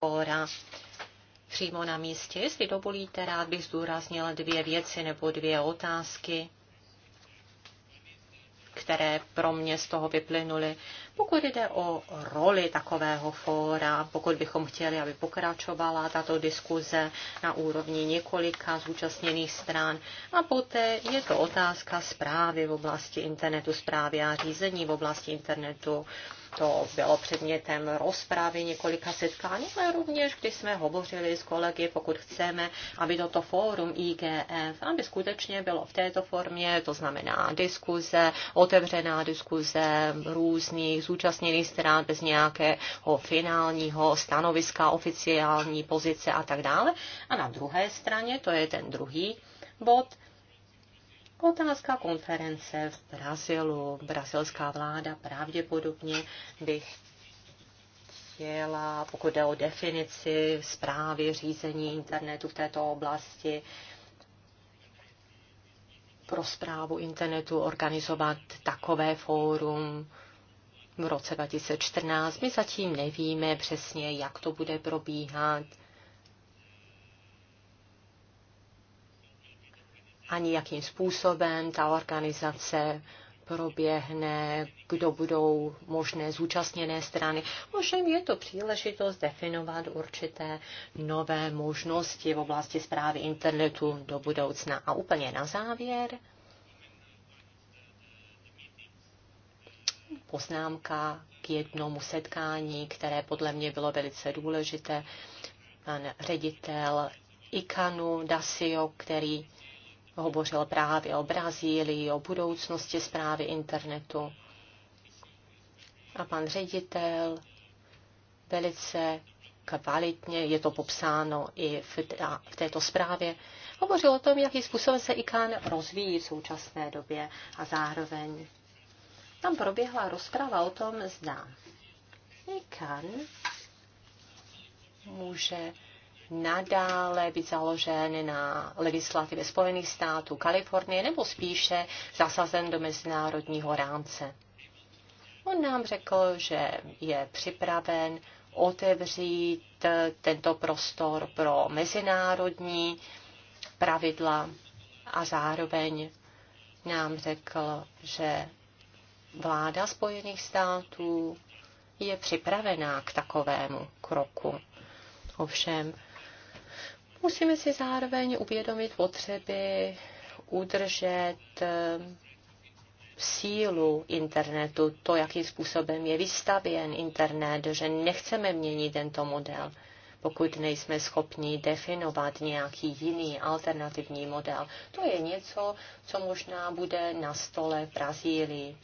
fóra přímo na místě. Jestli dovolíte, rád bych zdůraznila dvě věci nebo dvě otázky, které pro mě z toho vyplynuly. Pokud jde o roli takového fóra, pokud bychom chtěli, aby pokračovala tato diskuze na úrovni několika zúčastněných stran, a poté je to otázka zprávy v oblasti internetu, zprávy a řízení v oblasti internetu, to bylo předmětem rozprávy několika setkání, ale rovněž, když jsme hovořili s kolegy, pokud chceme, aby toto fórum IGF, aby skutečně bylo v této formě, to znamená diskuze, otevřená diskuze různých zúčastněných stran bez nějakého finálního stanoviska, oficiální pozice a tak dále. A na druhé straně, to je ten druhý bod, Otázka konference v Brazilu. Brazilská vláda pravděpodobně by chtěla, pokud jde o definici zprávy řízení internetu v této oblasti, pro zprávu internetu organizovat takové fórum v roce 2014. My zatím nevíme přesně, jak to bude probíhat. ani jakým způsobem ta organizace proběhne, kdo budou možné zúčastněné strany. Možná je to příležitost definovat určité nové možnosti v oblasti zprávy internetu do budoucna. A úplně na závěr poznámka k jednomu setkání, které podle mě bylo velice důležité. Pan ředitel Ikanu Dasio, který hovořil právě o Brazílii, o budoucnosti zprávy internetu. A pan ředitel velice kvalitně, je to popsáno i v, a, v této zprávě, hovořil o tom, jakým způsobem se IKAN rozvíjí v současné době a zároveň tam proběhla rozprava o tom, zda IKAN může nadále být založen na legislativě Spojených států, Kalifornie nebo spíše zasazen do mezinárodního rámce. On nám řekl, že je připraven otevřít tento prostor pro mezinárodní pravidla a zároveň nám řekl, že vláda Spojených států je připravená k takovému kroku. Ovšem Musíme si zároveň uvědomit potřeby udržet eh, sílu internetu, to, jakým způsobem je vystavěn internet, že nechceme měnit tento model, pokud nejsme schopni definovat nějaký jiný alternativní model. To je něco, co možná bude na stole v Brazílii.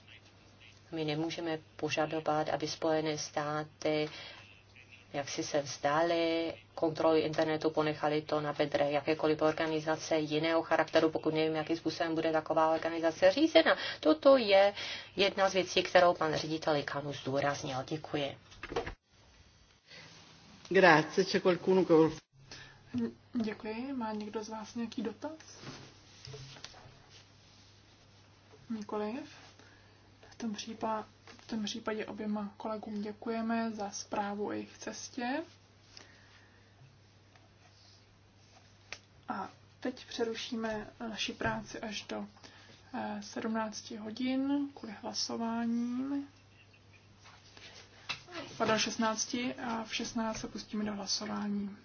My nemůžeme požadovat, aby Spojené státy jak si se vzdali kontroly internetu, ponechali to na bedre jakékoliv organizace jiného charakteru, pokud nevím, jakým způsobem bude taková organizace řízena. Toto je jedna z věcí, kterou pan ředitel Ikanu zdůraznil. Děkuji. Grazie, c'è qualcuno che Děkuji. Má někdo z vás nějaký dotaz? Nikoliv. V tom případě v tom případě oběma kolegům děkujeme za zprávu o jejich cestě. A teď přerušíme naši práci až do 17 eh, hodin kvůli hlasováním. Pardon, 16 a v 16 se pustíme do hlasování.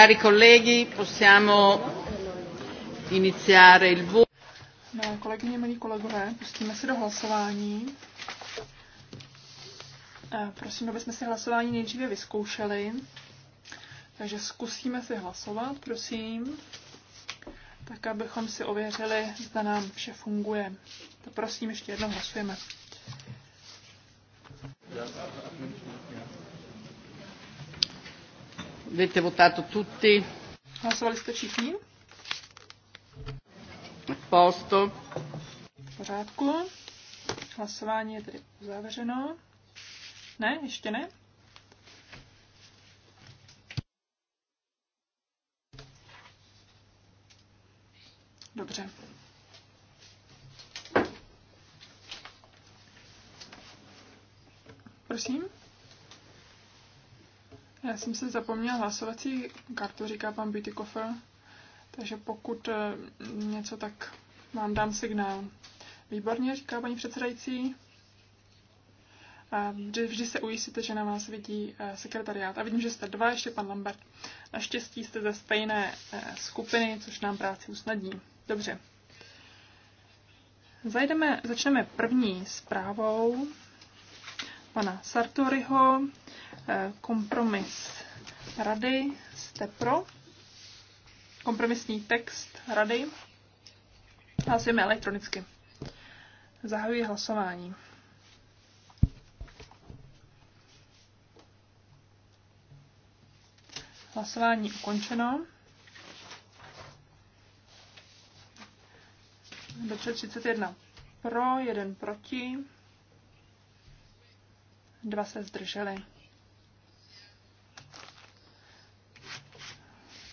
Cari colleghi, possiamo iniziare il voto. No, kolegyně, milí kolegové, pustíme se do hlasování. Eh, prosím, aby jsme si hlasování nejdříve vyzkoušeli. Takže zkusíme si hlasovat, prosím, tak abychom si ověřili, zda nám vše funguje. To prosím, ještě jednou hlasujeme. Avete votato tutti? Hlasovali jste všichni? Posto. V pořádku. Hlasování je tedy uzavřeno. Ne, ještě ne? Já jsem se zapomněl hlasovací kartu, říká pan Beautykofer, takže pokud eh, něco, tak vám dám signál. Výborně, říká paní předsedající. Eh, vždy, vždy se ujistíte, že na vás vidí eh, sekretariát. A vidím, že jste dva, ještě pan Lambert. Naštěstí jste ze stejné skupiny, což nám práci usnadní. Dobře. Zajdeme, začneme první zprávou pana Sartoriho Eh, kompromis rady. Jste pro? Kompromisní text rady. Hlasujeme elektronicky. Zahajuji hlasování. Hlasování ukončeno. Dočet 31 pro, jeden proti, dva se zdrželi.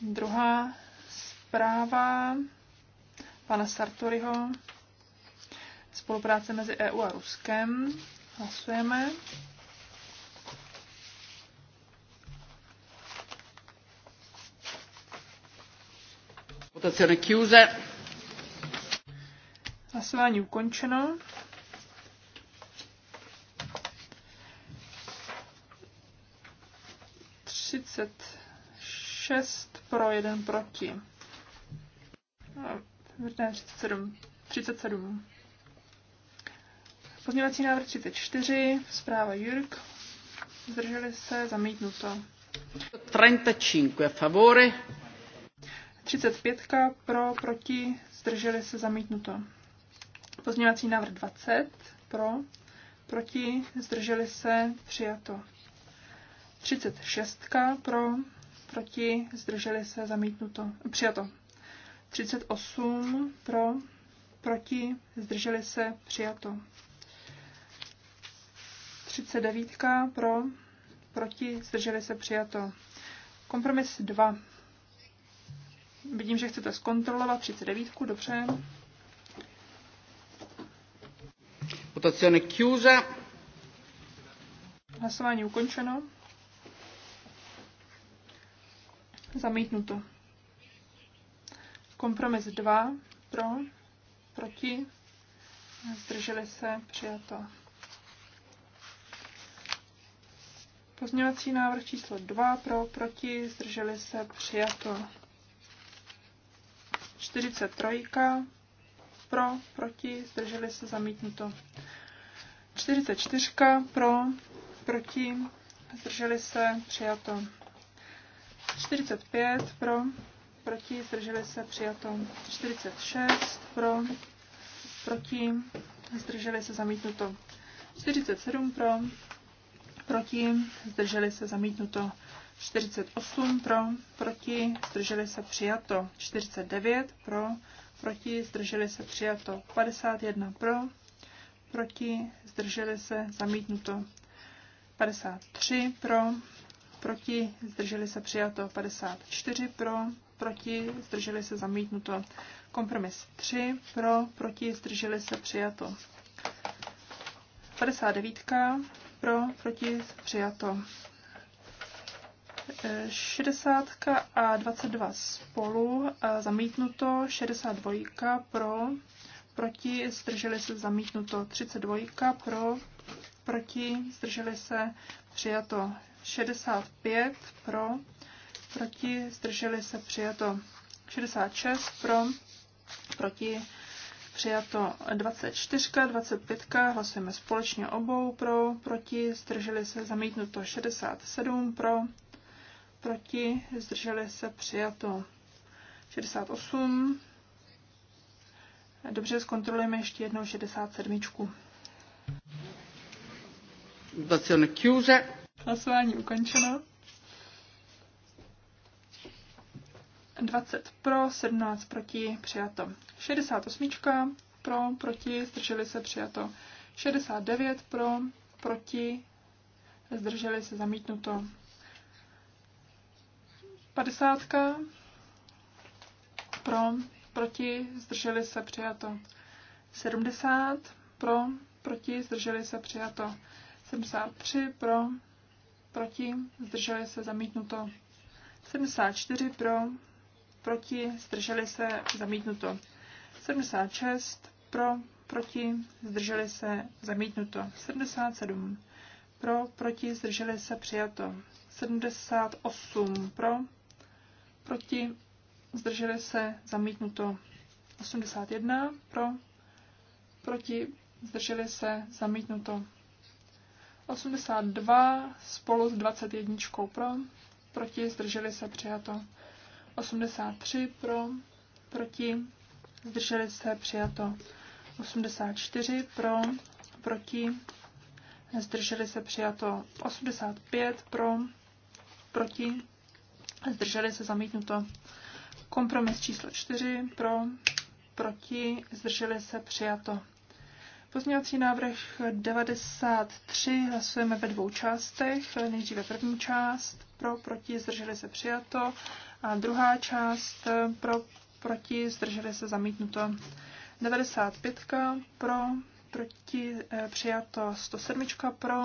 Druhá zpráva pana Sartoriho. Spolupráce mezi EU a Ruskem. Hlasujeme. Votazione chiusa. Hlasování ukončeno. Třicet 6 pro, 1 proti. Eh, ne, 37. 37. Pozměňovací návrh 34, zpráva Jurk. Zdrželi se, zamítnuto. 35 favore. 35 pro, proti, zdrželi se, zamítnuto. Pozměňovací návrh 20 pro, proti, zdrželi se, přijato. 36 pro, proti, zdrželi se, zamítnuto, přijato. 38 pro, proti, zdrželi se, přijato. 39 pro, proti, zdrželi se, přijato. Kompromis 2. Vidím, že chcete zkontrolovat 39, dobře. Votazione chiusa. Hlasování ukončeno. Zamítnuto. Kompromis 2 pro, proti, zdrželi se, přijato. Pozměňovací návrh číslo 2 pro, proti, zdrželi se, přijato. 43 pro, proti, zdrželi se, zamítnuto. 44 pro, proti, zdrželi se, přijato. 45 pro, proti, zdrželi se, přijato. 46 pro, proti, zdrželi se, zamítnuto. 47 pro, proti, zdrželi se, zamítnuto. 48 pro, proti, zdrželi se, přijato. 49 pro, proti, zdrželi se, přijato. 51 pro, proti, zdrželi se, zamítnuto. 53 pro, proti, zdrželi se přijato 54 pro, proti, zdrželi se zamítnuto. Kompromis 3 pro, proti, zdrželi se přijato. 59 pro, proti, přijato. 60 eh, a 22 spolu, eh, zamítnuto, 62 pro, proti, zdrželi se zamítnuto, 32 pro, proti, zdrželi se přijato, 65 pro, proti, zdrželi se přijato 66 pro, proti, přijato 24, 25, hlasujeme společně obou pro, proti, zdrželi se zamítnuto 67 pro, proti, zdrželi se přijato 68. Dobře, zkontrolujeme ještě jednou 67. Votazione chiusa. Hlasování ukončeno. 20 pro, 17 proti, přijato. 68 pro, proti, zdrželi se, přijato. 69 pro, proti, zdrželi se, zamítnuto. 50 pro, proti, zdrželi se, přijato. 70 pro, proti, zdrželi se, přijato. 73 pro, proti, zdrželi se zamítnuto. 74 pro, proti, zdrželi se zamítnuto. 76 pro, proti, zdrželi se zamítnuto. 77 pro, proti, zdrželi se přijato. 78 pro, proti, zdrželi se zamítnuto. 81 pro, proti, zdrželi se zamítnuto. 82 spolu s 21 pro, proti, zdrželi se přijato. 83 pro, proti, zdrželi se přijato. 84 pro, proti, zdrželi se přijato. 85 pro, proti, zdrželi se zamítnuto. Kompromis číslo 4 pro, proti, zdrželi se přijato. Pozměňovací návrh 93 hlasujeme ve dvou částech. Nejdříve první část pro, proti, zdrželi se přijato. A druhá část pro, proti, zdrželi se zamítnuto. 95 pro, proti, eh, přijato. 107 pro,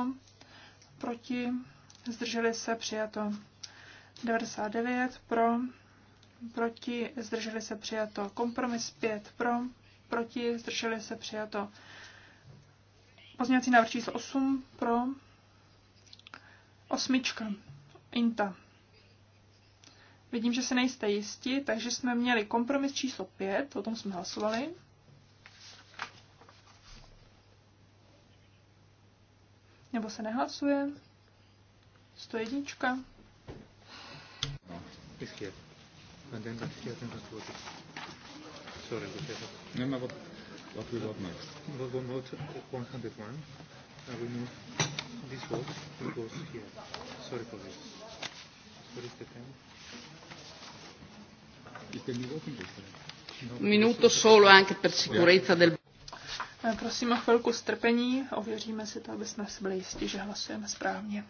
proti, zdrželi se přijato. 99 pro, proti, zdrželi se přijato. Kompromis 5 pro, proti, zdrželi se přijato. Pozměňovací návrh číslo 8 pro osmička. Inta. Vidím, že se nejste jisti, takže jsme měli kompromis číslo 5, o tom jsme hlasovali. Nebo se nehlasuje. 101. ten, hier. Sorry, bis hier. Nemá What we vote next? We will 101. I will move this here. Sorry for this. What is the time? Minuto solo anche per sicurezza del... Prosíme o chvilku strpení, ověříme si to, aby jsme si byli jistí, že hlasujeme správně.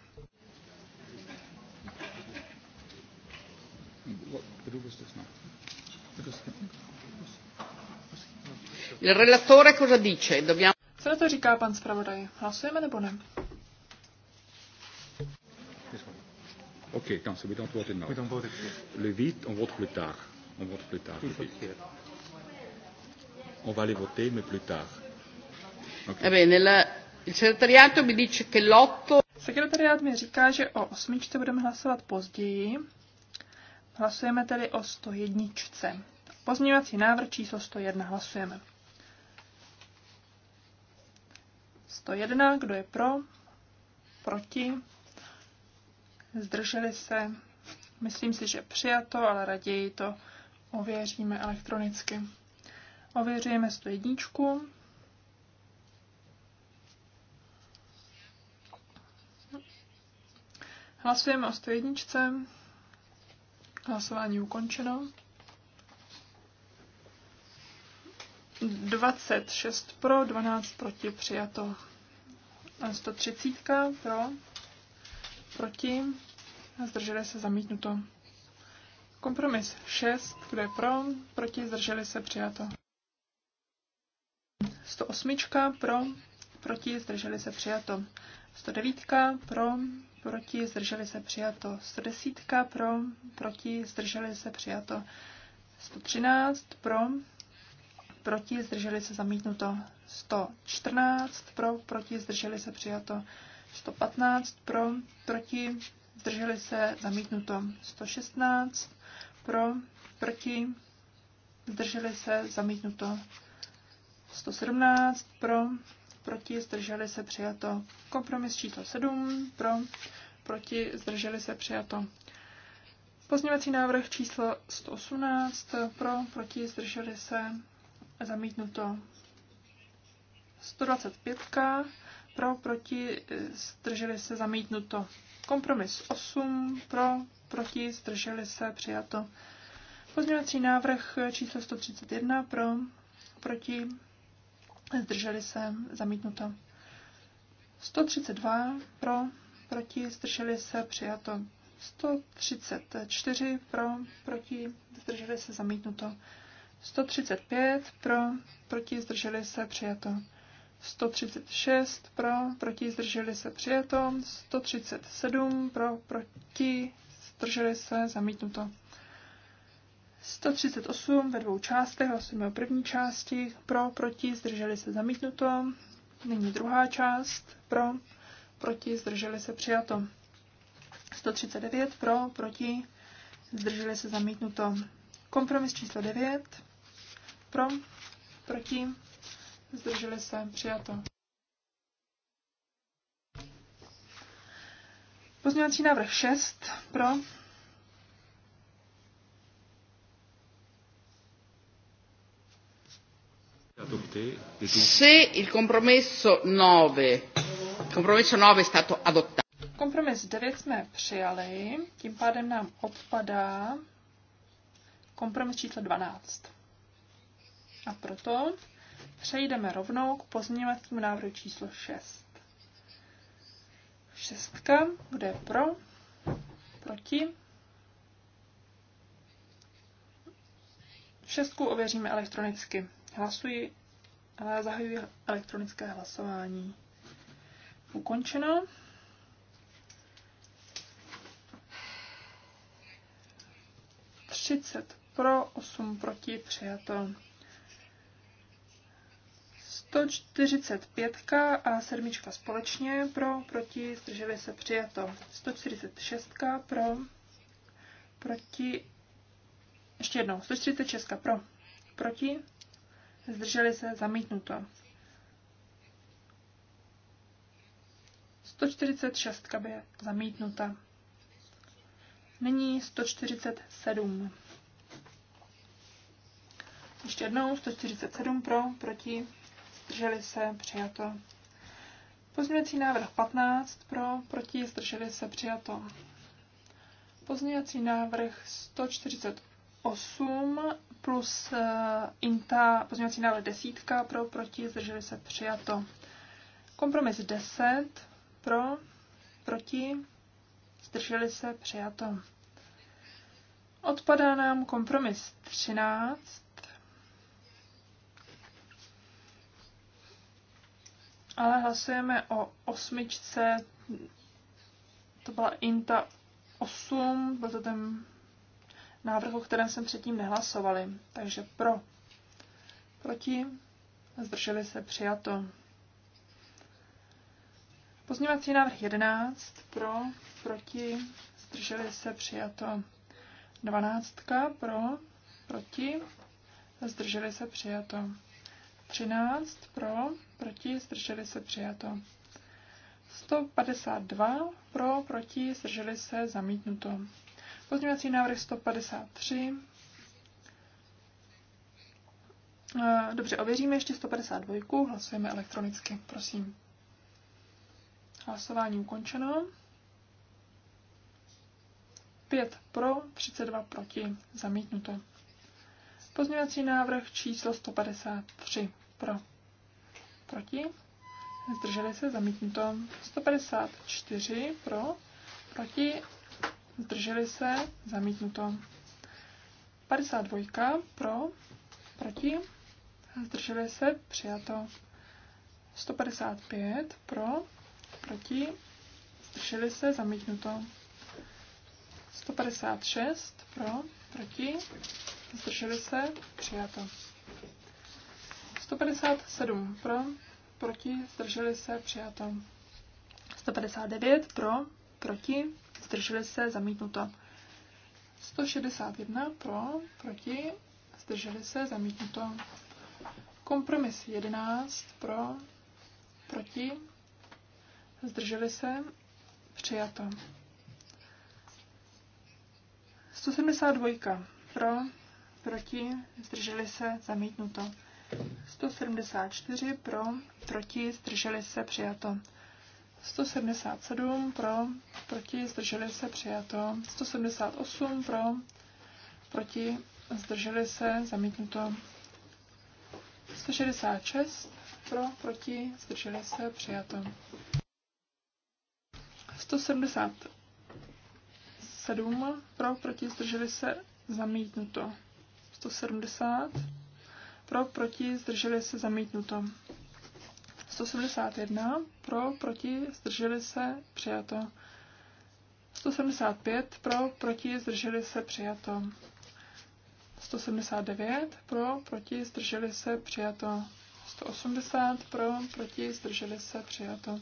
Co na to říká pan zpravodaj? Hlasujeme nebo ne? Ok, quand c'est on vote non. Le 8, on vote plus tard. On vote plus tard. On va les voter, mais plus tard. Okay. Eh bene, la, il segretariato mi dice che l'8... Sekretariát mi říká, že o osmičce budeme hlasovat později. Hlasujeme tedy o 101. Pozměňovací návrh číslo 101 hlasujeme. 101, kdo je pro, proti, zdrželi se. Myslím si, že přijato, ale raději to ověříme elektronicky. Ověřujeme 101. Hlasujeme o 101. Hlasování ukončeno. 26 pro, 12 proti, přijato. 130 pro, proti, zdrželi se zamítnuto. Kompromis 6, kdo je pro, proti, zdrželi se přijato. 108 pro, proti, zdrželi se přijato. 109 pro, proti, zdrželi se přijato. 110 pro, proti, zdrželi se přijato. 113 pro, proti, zdrželi se zamítnuto 114, pro, proti, zdrželi se přijato 115, pro, proti, zdrželi se zamítnuto 116, pro, proti, zdrželi se zamítnuto 117, pro, proti, zdrželi se přijato kompromis číslo 7, pro, proti, zdrželi se přijato Pozměňovací návrh číslo 118 pro, proti, zdrželi se, Zamítnuto. 125. Pro, proti, eh, zdrželi se, zamítnuto. Kompromis 8. Pro, proti, zdrželi se, přijato. Pozměňovací návrh číslo 131. Pro, proti, zdrželi se, zamítnuto. 132. Pro, proti, zdrželi se, přijato. 134 pro, proti, zdrželi se zamítnuto. 135 pro, proti zdrželi se přijato. 136 pro, proti zdrželi se přijato. 137 pro, proti zdrželi se zamítnuto. 138 ve dvou částech, hlasujeme o první části, pro, proti, zdrželi se zamítnuto. Nyní druhá část, pro, proti, zdrželi se přijato. 139 pro, proti, zdrželi se zamítnuto. Kompromis číslo 9 pro? Proti? Zdrželi se? Přijato. Pozměňovací návrh 6. Pro? Se il compromesso 9, compromesso 9 è stato adottato. Kompromis 9 jsme přijali, tím pádem nám odpadá kompromis číslo 12. A proto přejdeme rovnou k pozměňovacímu návrhu číslo 6. Šestka, kde je pro, proti. Šestku ověříme elektronicky. Hlasuji, ale zahajuji elektronické hlasování. Ukončeno. Třicet pro, osm proti, přijato. 145 a 7 společně pro, proti, zdrželi se přijato. 146 pro, proti, ještě jednou, 146 pro, proti, zdrželi se zamítnuto. 146 by zamítnuta. Nyní 147. Ještě jednou 147 pro, proti, zdrželi se, přijato. Pozměňovací návrh 15 pro, proti, zdrželi se, přijato. Pozměňovací návrh 148 plus uh, INTA, pozměňovací návrh 10 pro, proti, zdrželi se, přijato. Kompromis 10 pro, proti, zdrželi se, přijato. Odpadá nám kompromis 13 ale hlasujeme o osmičce, to byla INTA 8, byl to ten návrh, o kterém jsem předtím nehlasovali. Takže pro, proti, zdrželi se přijato. Pozměňovací návrh 11, pro, proti, zdrželi se přijato. 12, pro, proti, zdrželi se přijato. 13, pro, proti, zdrželi se přijato. 152 pro, proti, zdrželi se zamítnuto. Pozměňovací návrh 153. Eh, dobře, ověříme ještě 152, hlasujeme elektronicky, prosím. Hlasování ukončeno. 5 pro, 32 proti, zamítnuto. Pozměňovací návrh číslo 153 pro, Proti? Zdrželi se to, 154 pro. Proti? Zdrželi se to, 52 pro. Proti? Zdrželi se přijato. 155 pro. Proti? Zdrželi se to, 156 pro. Proti? Zdrželi se přijato. 157 pro, proti, zdrželi se, přijato. 159 pro, proti, zdrželi se, zamítnuto. 161 pro, proti, zdrželi se, zamítnuto. Kompromis 11 pro, proti, zdrželi se, přijato. 172 pro, proti, zdrželi se, zamítnuto. 174 pro, proti, zdrželi se, přijato. 177 pro, proti, zdrželi se, přijato. 178 pro, proti, zdrželi se, zamítnuto. 166 pro, proti, zdrželi se, přijato. 177 pro, proti, zdrželi se, zamítnuto. 170 pro, proti, zdrželi se, zamítnuto. 171 pro, proti, zdrželi se, přijato. 175 pro, proti, zdrželi se, přijato. 179 pro, proti, zdrželi se, přijato. 180 pro, proti, zdrželi se, přijato.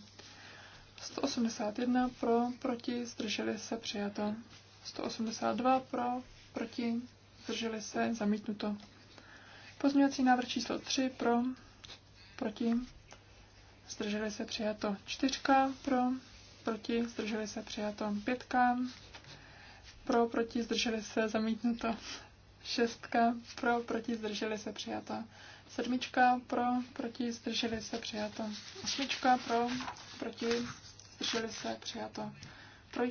181 pro, proti, zdrželi se, přijato. 182 pro, proti, zdrželi se, zamítnuto. Pozměňovací návrh číslo 3 pro, proti, zdrželi se přijato 4 pro, proti, zdrželi se přijato 5 pro, proti, zdrželi se zamítnuto 6 pro, proti, zdrželi se přijato 7 pro, proti, zdrželi se přijato 8 pro, proti, zdrželi se přijato 3,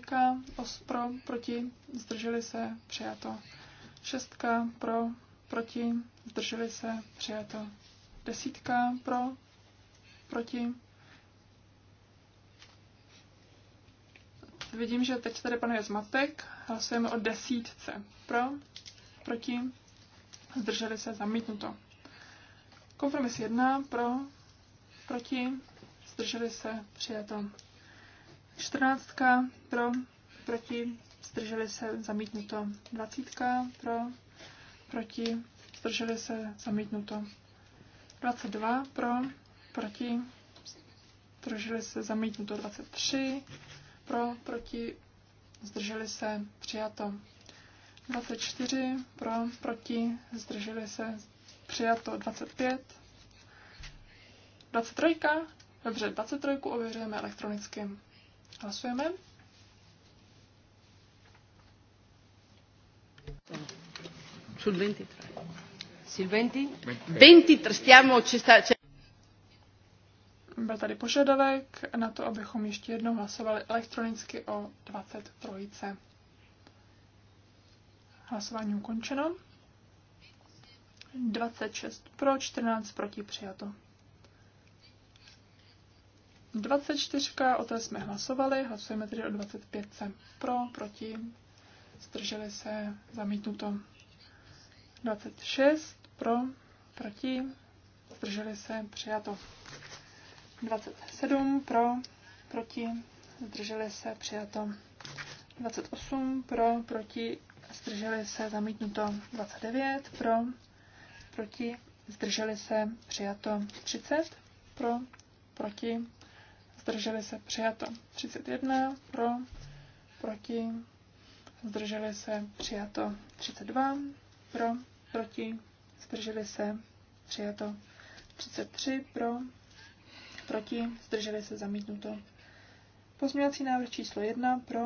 os pro, proti, zdrželi se, přijato. 6, pro, proti, zdrželi se, přijato. Desítka pro, proti. Vidím, že teď tady panuje zmatek. Hlasujeme o desítce. Pro, proti, zdrželi se, zamítnuto. Kompromis jedna pro, proti, zdrželi se, přijato. Čtrnáctka pro, proti, zdrželi se, zamítnuto. Dvacítka pro, proti, zdrželi se, zamítnuto. 22 pro, proti, zdrželi se, zamítnuto. 23 pro, proti, zdrželi se, přijato. 24 pro, proti, zdrželi se, přijato. 25 23. Dobře, 23 ověřujeme elektronicky. Hlasujeme. Thank you. Sul 23. Sul 20? 23. Stiamo, ci sta, c'è... Byl tady požadavek na to, abychom ještě jednou hlasovali elektronicky o 23. Hlasování ukončeno. 26 pro, 14 proti přijato. 24, o té jsme hlasovali, hlasujeme tedy o 25 pro, proti, zdrželi se, zamítnuto. 26 pro, proti, zdrželi se, přijato. 27 pro, proti, zdrželi se, přijato. 28 pro, proti, zdrželi se, zamítnuto. 29 pro, proti, zdrželi se, přijato. 30 pro, proti, zdrželi se, přijato. 31 pro, proti, zdrželi se, přijato. 32 pro, proti, zdrželi se, přijato. 33 pro, proti, zdrželi se, zamítnuto. Pozměňovací návrh číslo 1 pro,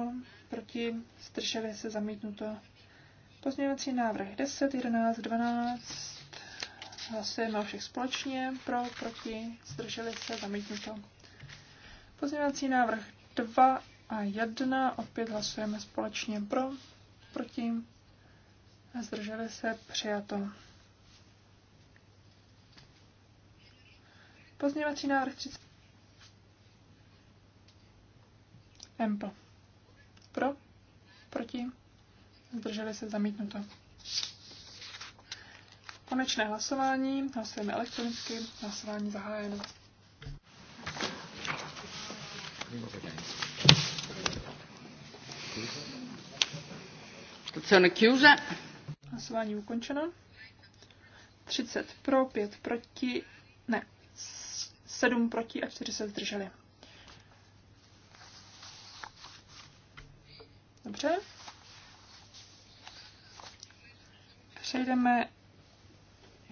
proti, zdrželi se, zamítnuto. Pozměňovací návrh 10, 11, 12, hlasujeme o všech společně, pro, proti, zdrželi se, zamítnuto. Pozměňovací návrh 2 a 1, opět hlasujeme společně pro, proti, Zdrželi se přijato. Pozměňovací návrh 30. Empl. Pro? Proti? Zdrželi se zamítnuto. Konečné hlasování. Hlasujeme elektronicky. Hlasování zahájeno. Stazione chiusa. Hlasování ukončeno. 30 pro, 5 proti, ne, 7 proti a 4 se zdrželi. Dobře. Přejdeme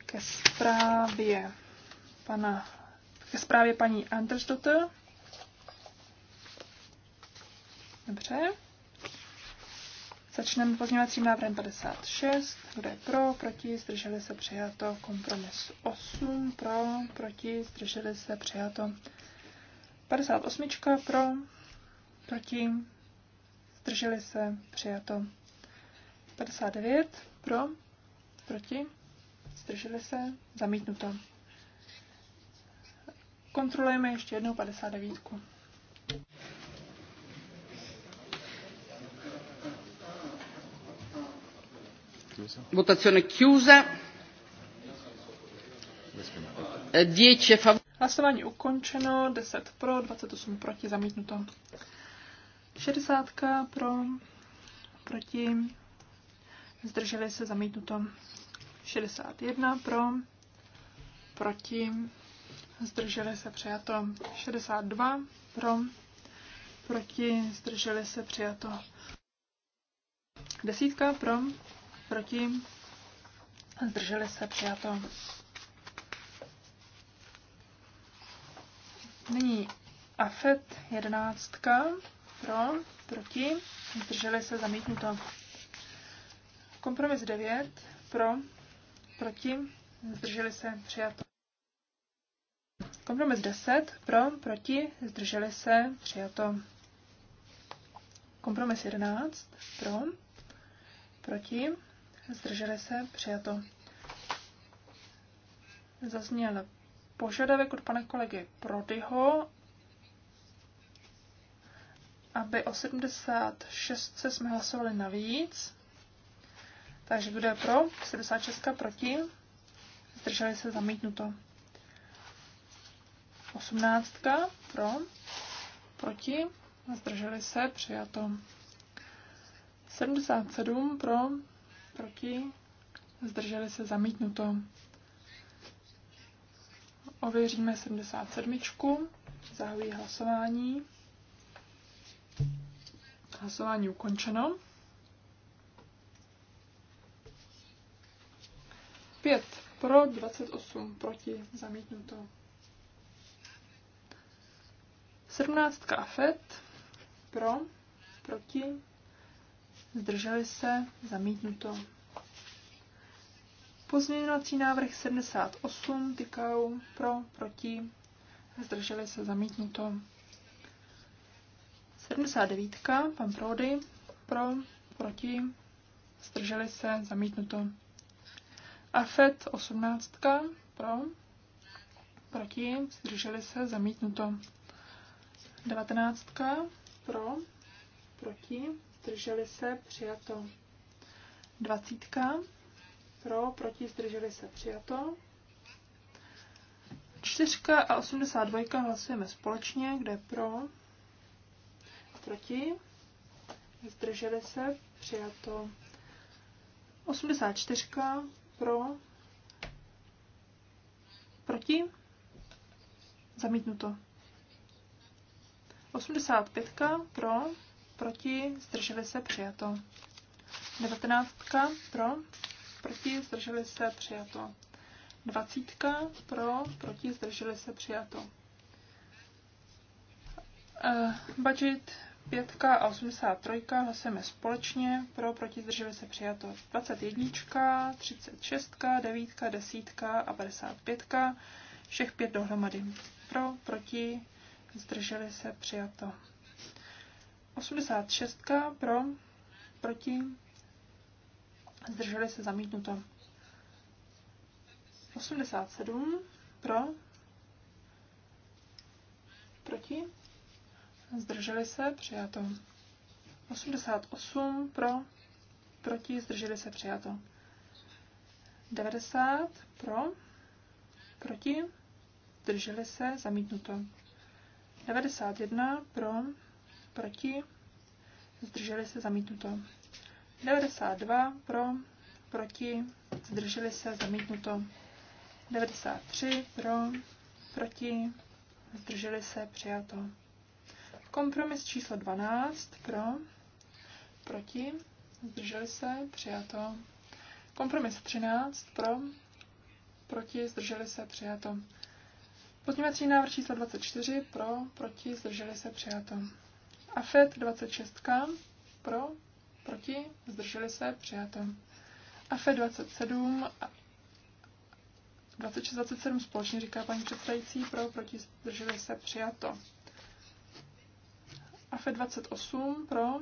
ke zprávě pana, ke zprávě paní Andersdottel. Dobře. Začneme pozměňovacím návrhem 56. Kdo je pro, proti, zdrželi se přijato. Kompromis 8. Pro, proti, zdrželi se přijato. 58. Pro, proti, zdrželi se přijato. 59. Pro, proti, zdrželi se zamítnuto. Kontrolujeme ještě jednou 59. Votazione chiusa. Hlasování ukončeno, 10 pro, 28 proti, zamítnuto. 60 pro, proti, zdrželi se, zamítnuto. 61 pro, proti, zdrželi se, přijato. 62 pro, proti, zdrželi se, přijato. Desítka pro, Proti? Zdrželi se přijato. Nyní AFET 11. Pro, proti, zdrželi se zamítnuto. Kompromis 9. Pro, proti, zdrželi se přijato. Kompromis 10. Pro, proti, zdrželi se přijato. Kompromis 11. Pro, proti, zdrželi se, přijato. Zazněl požadavek od pana kolegy Prodyho, aby o 76 se jsme hlasovali navíc. Takže kdo je pro? 76 proti. Zdrželi se zamítnuto. 18 pro, proti, zdrželi se, přijato. 77 pro, Proti? Zdrželi se zamítnuto. Ověříme 77. Zahajuji hlasování. Hlasování ukončeno. Pět pro, 28 proti, zamítnuto. 17 kafet pro, proti, zdrželi se, zamítnuto. Pozměňovací návrh 78, tykajou pro, proti, zdrželi se, zamítnuto. 79, pan Prody, pro, proti, zdrželi se, zamítnuto. AFET 18, pro, proti, zdrželi se, zamítnuto. 19, pro, proti, zdrželi se, přijato. Dvacítka, pro, proti, zdrželi se, přijato. Čtyřka a 82 hlasujeme společně, kde pro, proti, zdrželi se, přijato. 84 pro, proti, zamítnuto. 85 pro, proti, zdrželi se, přijato. 19 pro, proti, zdrželi se, přijato. 20 pro, proti, zdrželi se, přijato. Uh, budget 5 a 83 hlasujeme společně, pro, proti, zdrželi se, přijato. 21, 36, 9, 10 a 55, všech pět dohromady. Pro, proti, zdrželi se, přijato. 86 pro, proti, zdrželi se zamítnuto. 87 pro, proti, zdrželi se přijato. 88 pro, proti, zdrželi se přijato. 90 pro, proti, zdrželi se zamítnuto. 91 pro, proti, zdrželi se zamítnuto. 92 pro, proti, zdrželi se zamítnuto. 93 pro, proti, zdrželi se přijato. Kompromis číslo 12 pro, proti, zdrželi se přijato. Kompromis 13 pro, proti, zdrželi se přijato. Pozměňovací návrh číslo 24 pro, proti, zdrželi se přijato. Afet 26 pro, proti, zdrželi se, přijato. Afet 27 26, 27 společně říká paní předsedající, pro, proti, zdrželi se, přijato. AFE 28 pro,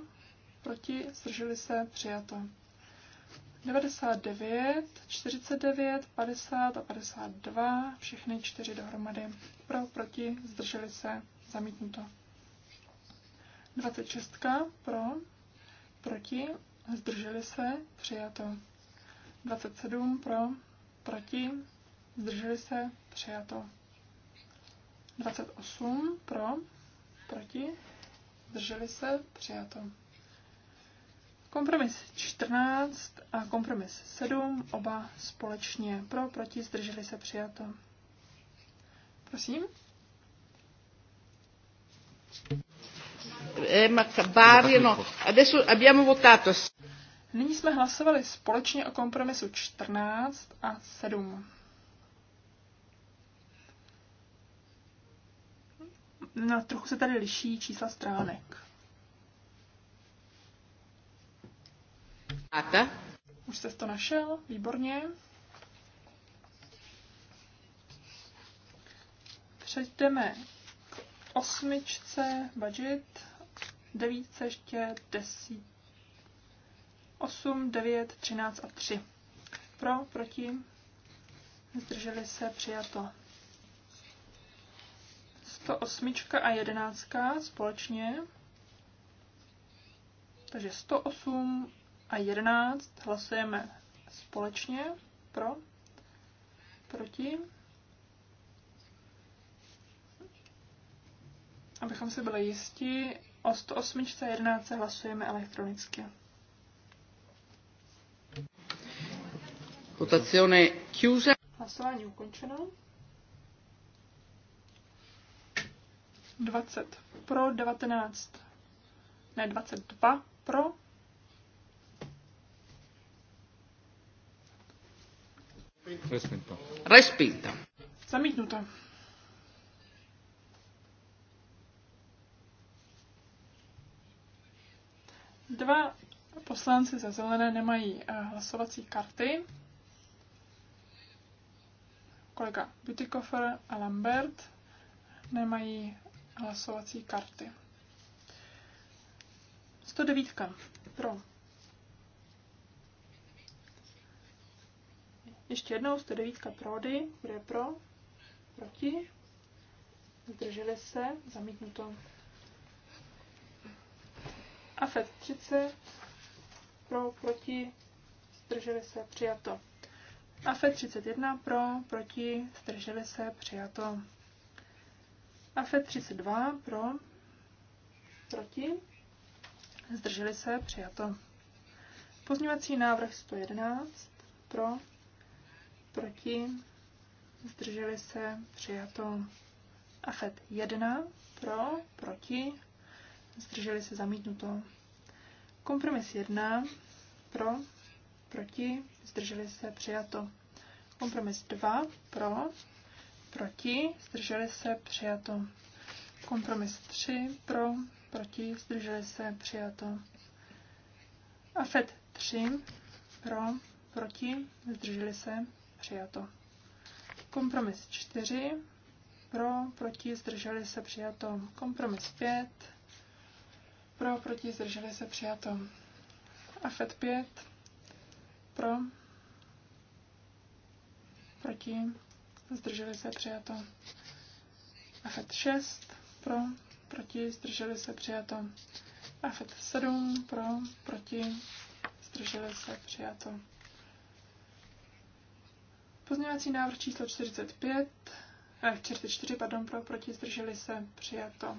proti, zdrželi se, přijato. 99, 49, 50 a 52, všechny čtyři dohromady. Pro, proti, zdrželi se, zamítnuto. 26 pro, proti, zdrželi se, přijato. 27 pro, proti, zdrželi se, přijato. 28 pro, proti, zdrželi se, přijato. Kompromis 14 a kompromis 7, oba společně pro, proti, zdrželi se, přijato. Prosím. Eh, no. Nyní jsme hlasovali společně o kompromisu 14 a 7. No, trochu se tady liší čísla stránek. Máte? Už jste to našel, výborně. Přejdeme osmičce budget, devítce ještě desít, osm, devět, třináct a tři. Pro, proti, zdrželi se, přijato. 108 a 11 společně. Takže 108 a 11 hlasujeme společně pro, proti. Abychom si byli jistí, o 108 11 hlasujeme elektronicky. Hlasování ukončeno. 20 pro, 19, ne 22 pro. Respinto. Respinto. Zamítnuto. Dva poslanci za zelené nemají eh, hlasovací karty. Kolega Butikofer a Lambert nemají hlasovací karty. 109. Pro. Ještě jednou 109. Prody. Bude pro. Proti. Zdrželi se. Zamítnuto. AFED 30 pro, proti, zdrželi se, přijato. AFED 31 pro, proti, zdrželi se, přijato. AFED 32 pro, proti, zdrželi se, přijato. Pozměňovací návrh 111 pro, proti, zdrželi se, přijato. AFED 1 pro, proti, zdrželi se zamítnuto. Kompromis 1 pro, proti, zdrželi se přijato. Kompromis 2 pro, proti, zdrželi se přijato. Kompromis 3 pro, proti, zdrželi se přijato. AFET 3 pro, proti, zdrželi se přijato. Kompromis 4 pro, proti, zdrželi se přijato. Kompromis 5 pro, proti, zdrželi se, přijato. A FED 5. Pro, proti, zdrželi se, přijato. A FED 6. Pro, proti, zdrželi se, přijato. A FED 7. Pro, proti, zdrželi se, přijato. Pozměňovací návrh číslo 45, eh, 44, pardon, pro, proti, zdrželi se, přijato.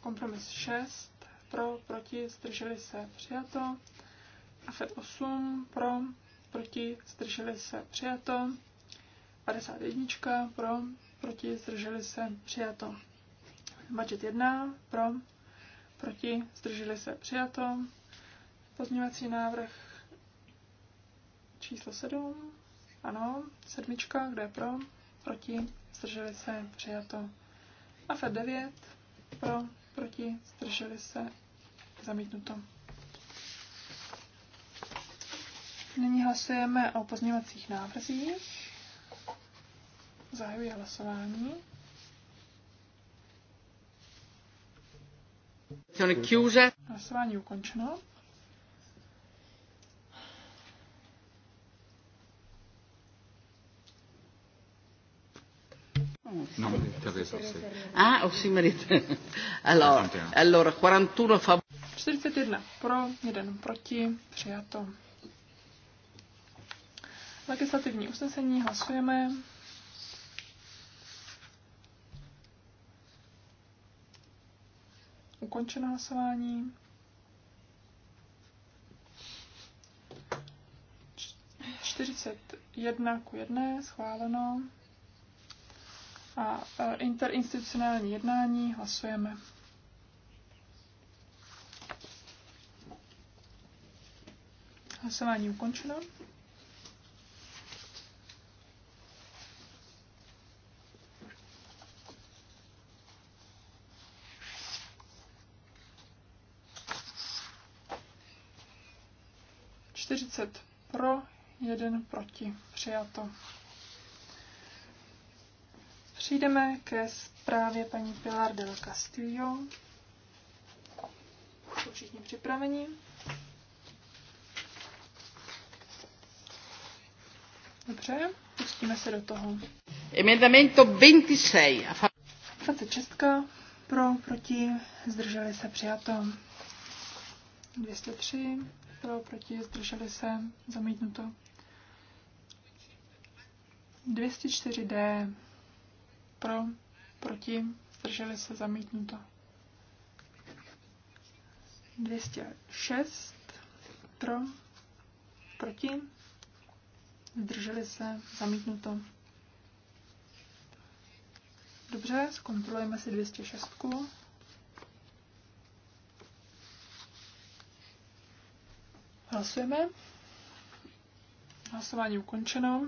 Kompromis 6, pro, proti, zdrželi se, přijato. FED 8 pro, proti, zdrželi se, přijato. 51 pro, proti, zdrželi se, přijato. Budget 1 pro, proti, zdrželi se, přijato. Pozměňovací návrh číslo 7, ano, sedmička, kde je pro, proti, zdrželi se, přijato. A FED 9 pro, proti, zdrželi se, Zamítnuto. Nyní hlasujeme o pozměňovacích návrzích. Zahajuji hlasování. Hlasování ukončeno. No, ah, ossimerite. Oh, allora, eh. allora 41 favore. 41 pro, 1 proti, přijato. Legislativní usnesení hlasujeme. Ukončeno hlasování. 41 ku 1 schváleno. A eh, interinstitucionální jednání hlasujeme. Hlasování ukončeno. Čtyřicet pro, jeden proti. Přijato. Přijdeme ke zprávě paní Pilar del Castillo. Jsou všichni připraveni? Dobře, pustíme se do toho. Emendamento 26. 26. Pro, proti, zdrželi se přijato. 203. Pro, proti, zdrželi se zamítnuto. 204D. Pro, proti, zdrželi se zamítnuto. 206 pro, proti, Zdrželi se? Zamítnuto. Dobře, zkontrolujeme si 206. Hlasujeme. Hlasování ukončeno.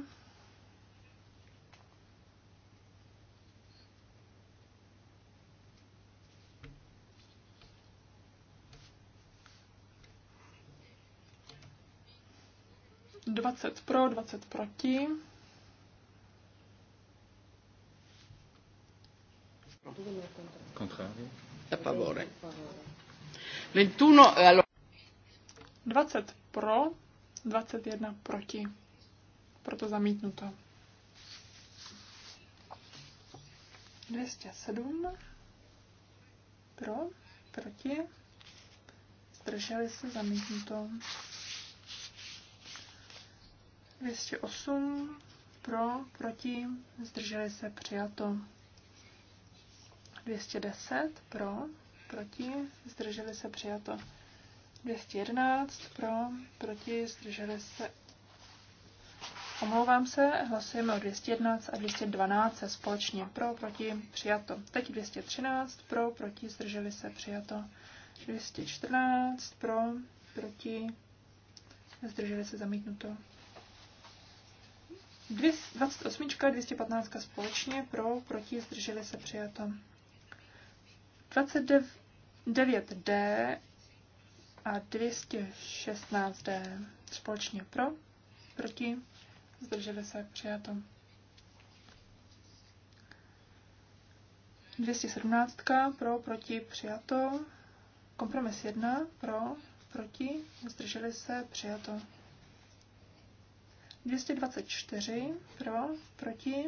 20 pro, 20 proti. Contrario. A 21 20 eh, pro, 21 proti. Proto zamítnuto. 207 pro, proti. Zdrželi se zamítnuto. 208 pro, proti, zdrželi se přijato. 210 pro, proti, zdrželi se přijato. 211 pro, proti, zdrželi se. Omlouvám se, hlasujeme o 211 a 212 se společně pro, proti, přijato. Teď 213 pro, proti, zdrželi se, přijato. 214 pro, proti, zdrželi se, zamítnuto. 28 a 215 společně pro, proti, zdrželi se přijato. 29D a 216D společně pro, proti, zdrželi se přijato. 217 pro, proti, přijato. Kompromis 1 pro, proti, zdrželi se přijato. 224 pro, proti,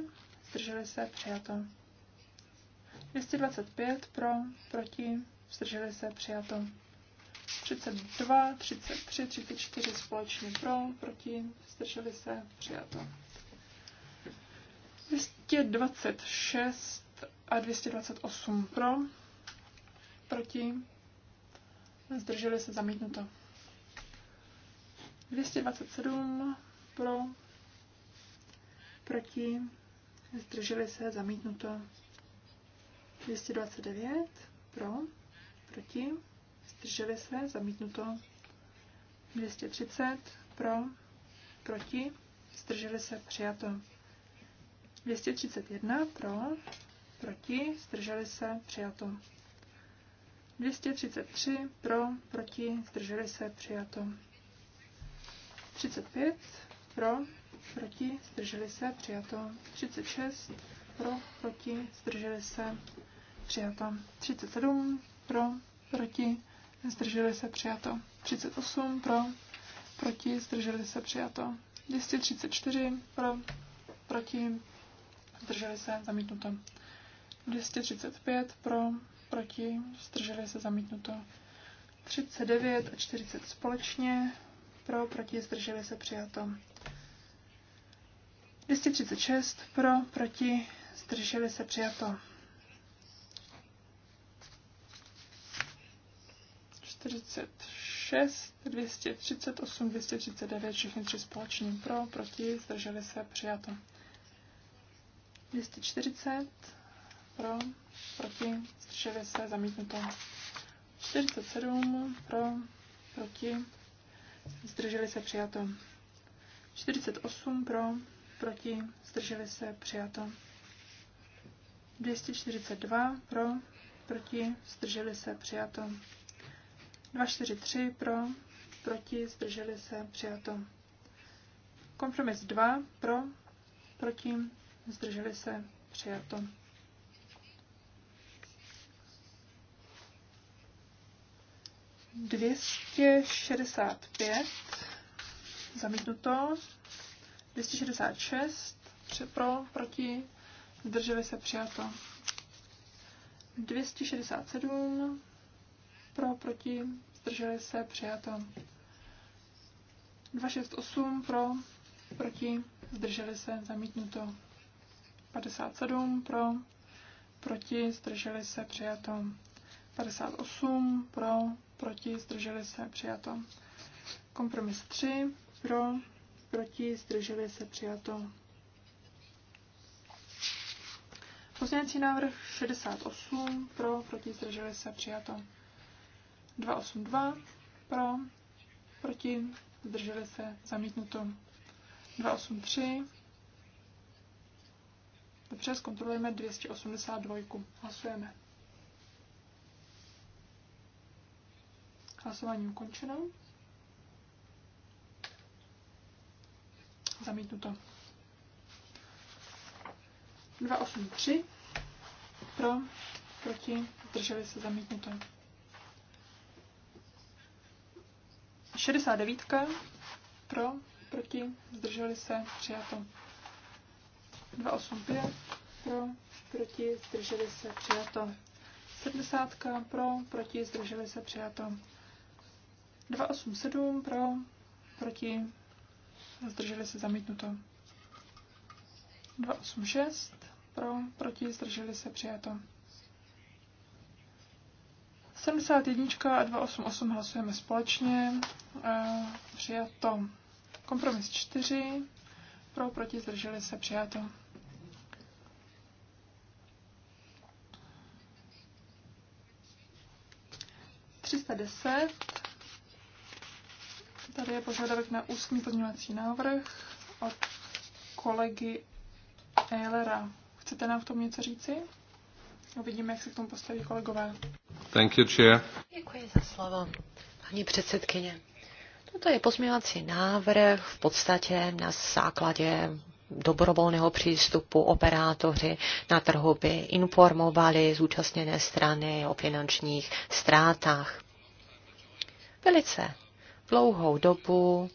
zdrželi se, přijato. 225 pro, proti, zdrželi se, přijato. 32, 33, 34 společně pro, proti, zdrželi se, přijato. 226 a 228 pro, proti, zdrželi se, zamítnuto. 227 pro, proti, zdrželi se, zamítnuto. 229 pro, proti, zdrželi se, zamítnuto. 230 pro, proti, zdrželi se, přijato. 231 pro, proti, zdrželi se, přijato. 233 pro, proti, zdrželi se, přijato. 35 pro, proti, zdrželi se, přijato. 36 pro, proti, zdrželi se, přijato. 37 pro, proti, zdrželi se, přijato. 38 pro, proti, zdrželi se, přijato. 234 pro, proti, zdrželi se, zamítnuto. 235 pro, proti, zdrželi se, zamítnuto. 39 a 40 společně, pro, proti, zdrželi se, přijato. 236 pro, proti, zdrželi se přijato. 46, 238, 239, všechny tři společní pro, proti, zdrželi se přijato. 240 pro, proti, zdrželi se zamítnuto. 47 pro, proti, zdrželi se přijato. 48 pro, proti, zdrželi se, přijato. 242 pro, proti, zdrželi se, přijato. 243 pro, proti, zdrželi se, přijato. Kompromis 2 pro, proti, zdrželi se, přijato. Dvěstě šedesát pět, zamítnuto, 266 pro, proti, zdrželi se přijato. 267 pro, proti, zdrželi se přijato. 268 pro, proti, zdrželi se zamítnuto. 57 pro, proti, zdrželi se přijato. 58 pro, proti, zdrželi se přijato. Kompromis 3 pro, proti, zdrželi se přijato. Pozměňovací návrh 68, pro, proti, zdrželi se přijato. 282, pro, proti, zdrželi se zamítnuto. 283, Dobře, zkontrolujeme 282. Hlasujeme. Hlasování ukončeno. Zamítnuto. 283 pro, proti, drželi se zamítnuto. 69 pro, proti, zdrželi se, přijato. 285 pro, proti, zdrželi se, přijato. 70 pro, proti, zdrželi se, přijato. 287 pro, proti, zdrželi se zamítnuto. 286 pro, proti, zdrželi se přijato. 71 a 288 hlasujeme společně. Eh, přijato. Kompromis 4. Pro, proti, zdrželi se, přijato. deset Tady je požadavek na ústní pozměňovací návrh od kolegy Eilera. Chcete nám v tom něco říci? Uvidíme, jak se k tomu postaví kolegové. Thank you, chair. Děkuji za slovo, paní předsedkyně. Toto je pozměňovací návrh v podstatě na základě dobrovolného přístupu operátoři na trhu by informovali zúčastněné strany o finančních ztrátách. Velice Dlouhou dobu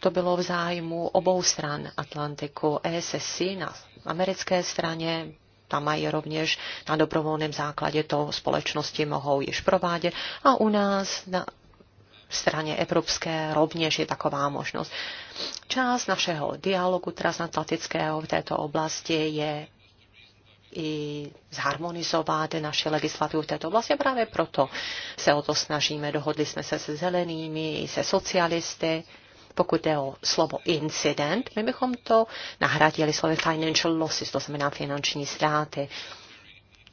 to bylo v zájmu obou stran Atlantiku. ESSC na americké straně, tam mají rovněž na dobrovolném základě to společnosti mohou již provádět a u nás na straně evropské rovněž je taková možnost. Část našeho dialogu transatlantického v této oblasti je i zharmonizovat naše legislativu v této oblasti. Právě proto se o to snažíme. Dohodli jsme se se zelenými i se socialisty. Pokud jde o slovo incident, my bychom to nahradili slovy financial losses, to znamená finanční ztráty.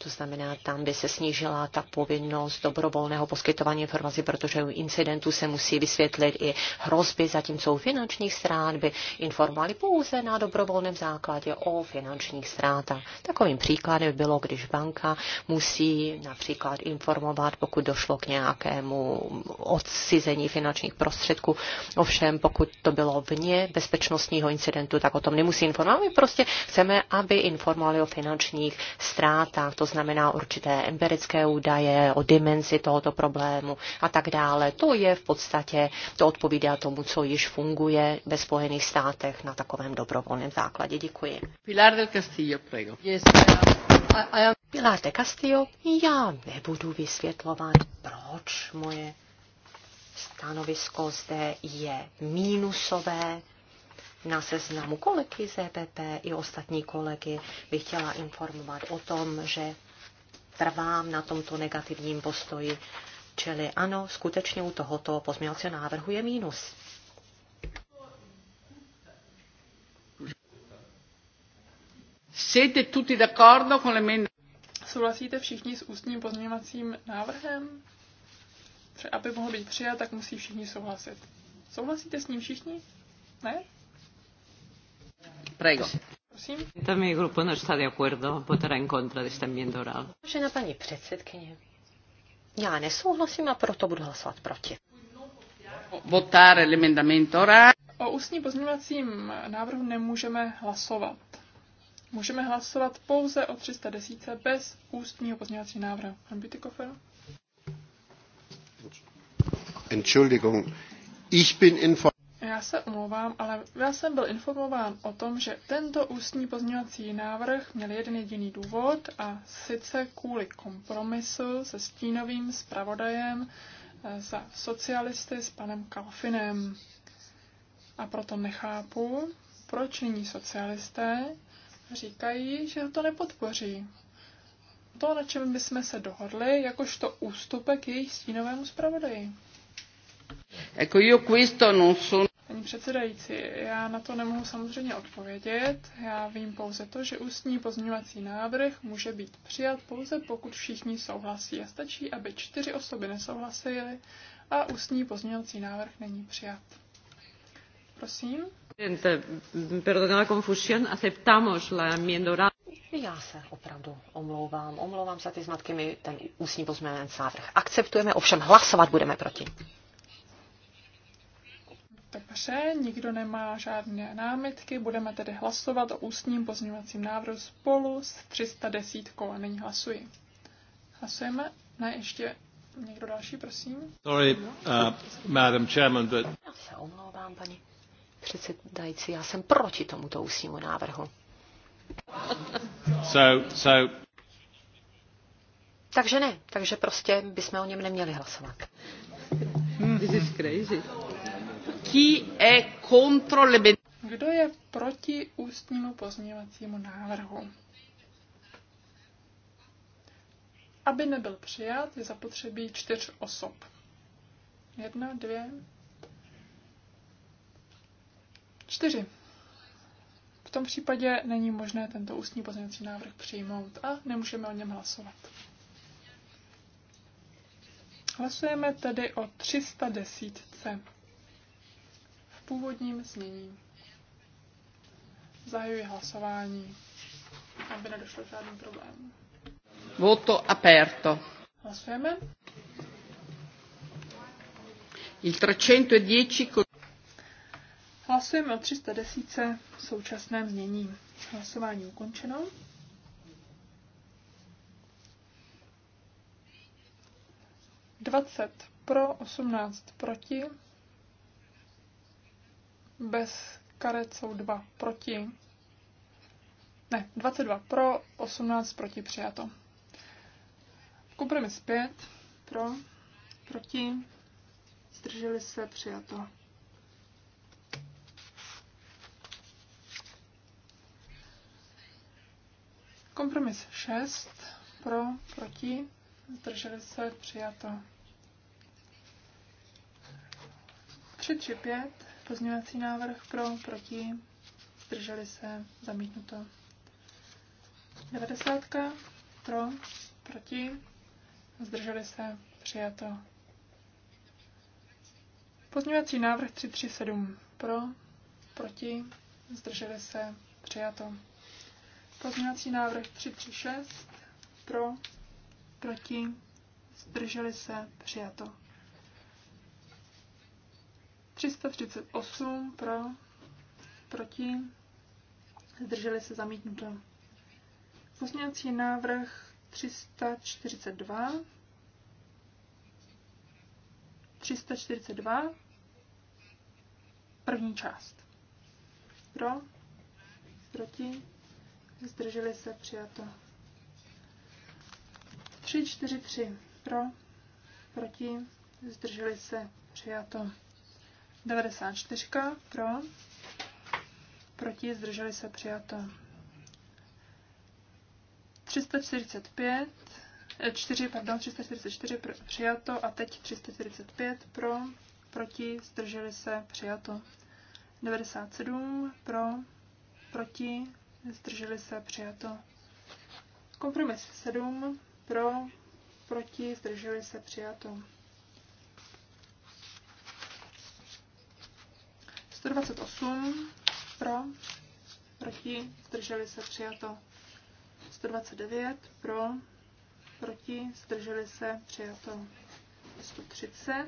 To znamená, tam by se snížila ta povinnost dobrovolného poskytování informací, protože u incidentu se musí vysvětlit i hrozby, zatímco u finančních strát by informovali pouze na dobrovolném základě o finančních ztrátách. Takovým příkladem bylo, když banka musí například informovat, pokud došlo k nějakému odcizení finančních prostředků. Ovšem, pokud to bylo vně bezpečnostního incidentu, tak o tom nemusí informovat. My prostě chceme, aby informovali o finančních ztrátách. To znamená určité empirické údaje o dimenzi tohoto problému a tak dále. To je v podstatě, to odpovídá tomu, co již funguje ve Spojených státech na takovém dobrovolném základě. Děkuji. Pilar del Castillo, prego. Yes, I am... Pilar de Castillo, já nebudu vysvětlovat, proč moje stanovisko zde je mínusové na seznamu kolegy z EPP i ostatní kolegy bych chtěla informovat o tom, že trvám na tomto negativním postoji. Čili ano, skutečně u tohoto pozměňovacího návrhu je mínus. Siete tutti d'accordo con le Souhlasíte všichni s ústním pozměňovacím návrhem? Aby mohl být přijat, tak musí všichni souhlasit. Souhlasíte s ním všichni? Ne? Vážená paní předsedkyně, já nesouhlasím a proto budu hlasovat proti. O ústní pozměňovacím návrhu nemůžeme hlasovat. Můžeme hlasovat pouze o 310 bez ústního pozměňovacího návrhu. Pan Bütikofer? Entschuldigung, ich bin inform- já se omlouvám, ale já jsem byl informován o tom, že tento ústní pozměňovací návrh měl jeden jediný důvod a sice kvůli kompromisu se stínovým zpravodajem eh, za socialisty s panem Kalfinem. A proto nechápu, proč nyní socialisté říkají, že to nepodpoří. To, na čem bychom se dohodli, jakožto ústupek jejich stínovému zpravodaji. Ecco, io questo non sono paní předsedající. Já na to nemohu samozřejmě odpovědět. Já vím pouze to, že ústní pozměňovací návrh může být přijat pouze pokud všichni souhlasí. A stačí, aby čtyři osoby nesouhlasily a ústní pozměňovací návrh není přijat. Prosím. Perdona la confusión, aceptamos la enmienda Já se opravdu omlouvám. Omlouvám se ty zmatky, my ten ústní pozměňovací návrh akceptujeme, ovšem hlasovat budeme proti. Dobře, nikdo nemá žádné námitky, budeme tedy hlasovat o ústním pozměňovacím návrhu spolu s 310. A nyní hlasuji. Hlasujeme? Ne, ještě někdo další, prosím. Sorry, uh, Madam Chairman, but... Já se omlouvám, paní předsedající, já jsem proti tomuto ústnímu návrhu. So, so... Takže ne, takže prostě bychom o něm neměli hlasovat. This is crazy. Chi è contro le Kdo je proti ústnímu pozměňovacímu návrhu? Aby nebyl přijat, je zapotřebí čtyř osob. Jedna, dvě, čtyři. V tom případě není možné tento ústní pozměňovací návrh přijmout a nemůžeme o něm hlasovat. Hlasujeme tedy o 310 původním znění. Zahajuji hlasování, aby nedošlo žádný problém. Voto aperto. Hlasujeme. Il 310 Hlasujeme o 310 v současném znění. Hlasování ukončeno. Dvacet pro, osmnáct proti bez karet jsou 2 proti. Ne, 22 pro, 18 proti přijato. Kompromis 5 pro, proti, zdrželi se přijato. Kompromis 6 pro, proti, zdrželi se přijato. 3, 3, 5 Pozměňovací návrh pro, proti, zdrželi se, zamítnuto. 90. pro, proti, zdrželi se, přijato. Pozměňovací návrh 337 pro, proti, zdrželi se, přijato. Pozměňovací návrh 336 pro, proti, zdrželi se, přijato. 338 pro, proti, zdrželi se zamítnuto. Pozměňovací návrh 342. 342. První část. Pro, proti, zdrželi se přijato. 343. Pro, proti, zdrželi se přijato. 94 pro, proti, zdrželi se přijato. 345, 4, eh, pardon, 344 pro, přijato a teď 345 pro, proti, zdrželi se přijato. 97 pro, proti, zdrželi se přijato. Kompromis 7 pro, proti, zdrželi se přijato. 128 pro, proti, zdrželi se přijato. 129 pro, proti, zdrželi se přijato. 130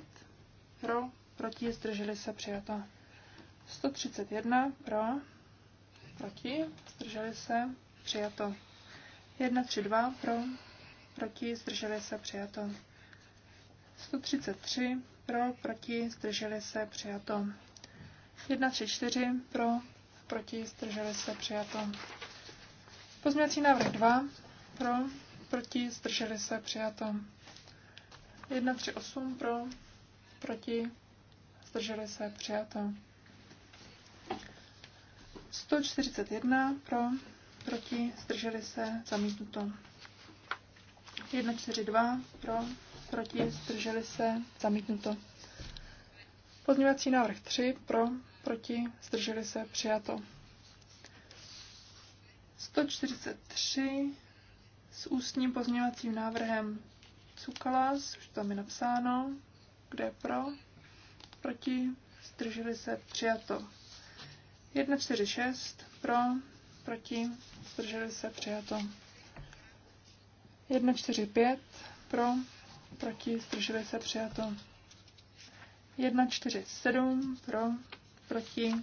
pro, proti, zdrželi se přijato. 131 pro, proti, zdrželi se přijato. 132 pro, proti, zdrželi se přijato. 133 pro, proti, zdrželi se přijato. 1, 3, 4 pro, proti, zdrželi se, přijato. Pozměňovací návrh 2 pro, proti, zdrželi se, přijato. 1, 3, 8 pro, proti, zdrželi se, přijato. 141 pro, proti, zdrželi se, zamítnuto. 142 pro, proti, zdrželi se, zamítnuto. Pozměňovací návrh 3 pro, proti, zdrželi se, přijato. 143 s ústním pozměňovacím návrhem Cukalas, už tam je napsáno, kde je pro, proti, zdrželi se, přijato. 146 pro, proti, zdrželi se, přijato. 145 pro, proti, zdrželi se, přijato. 147 pro, proti,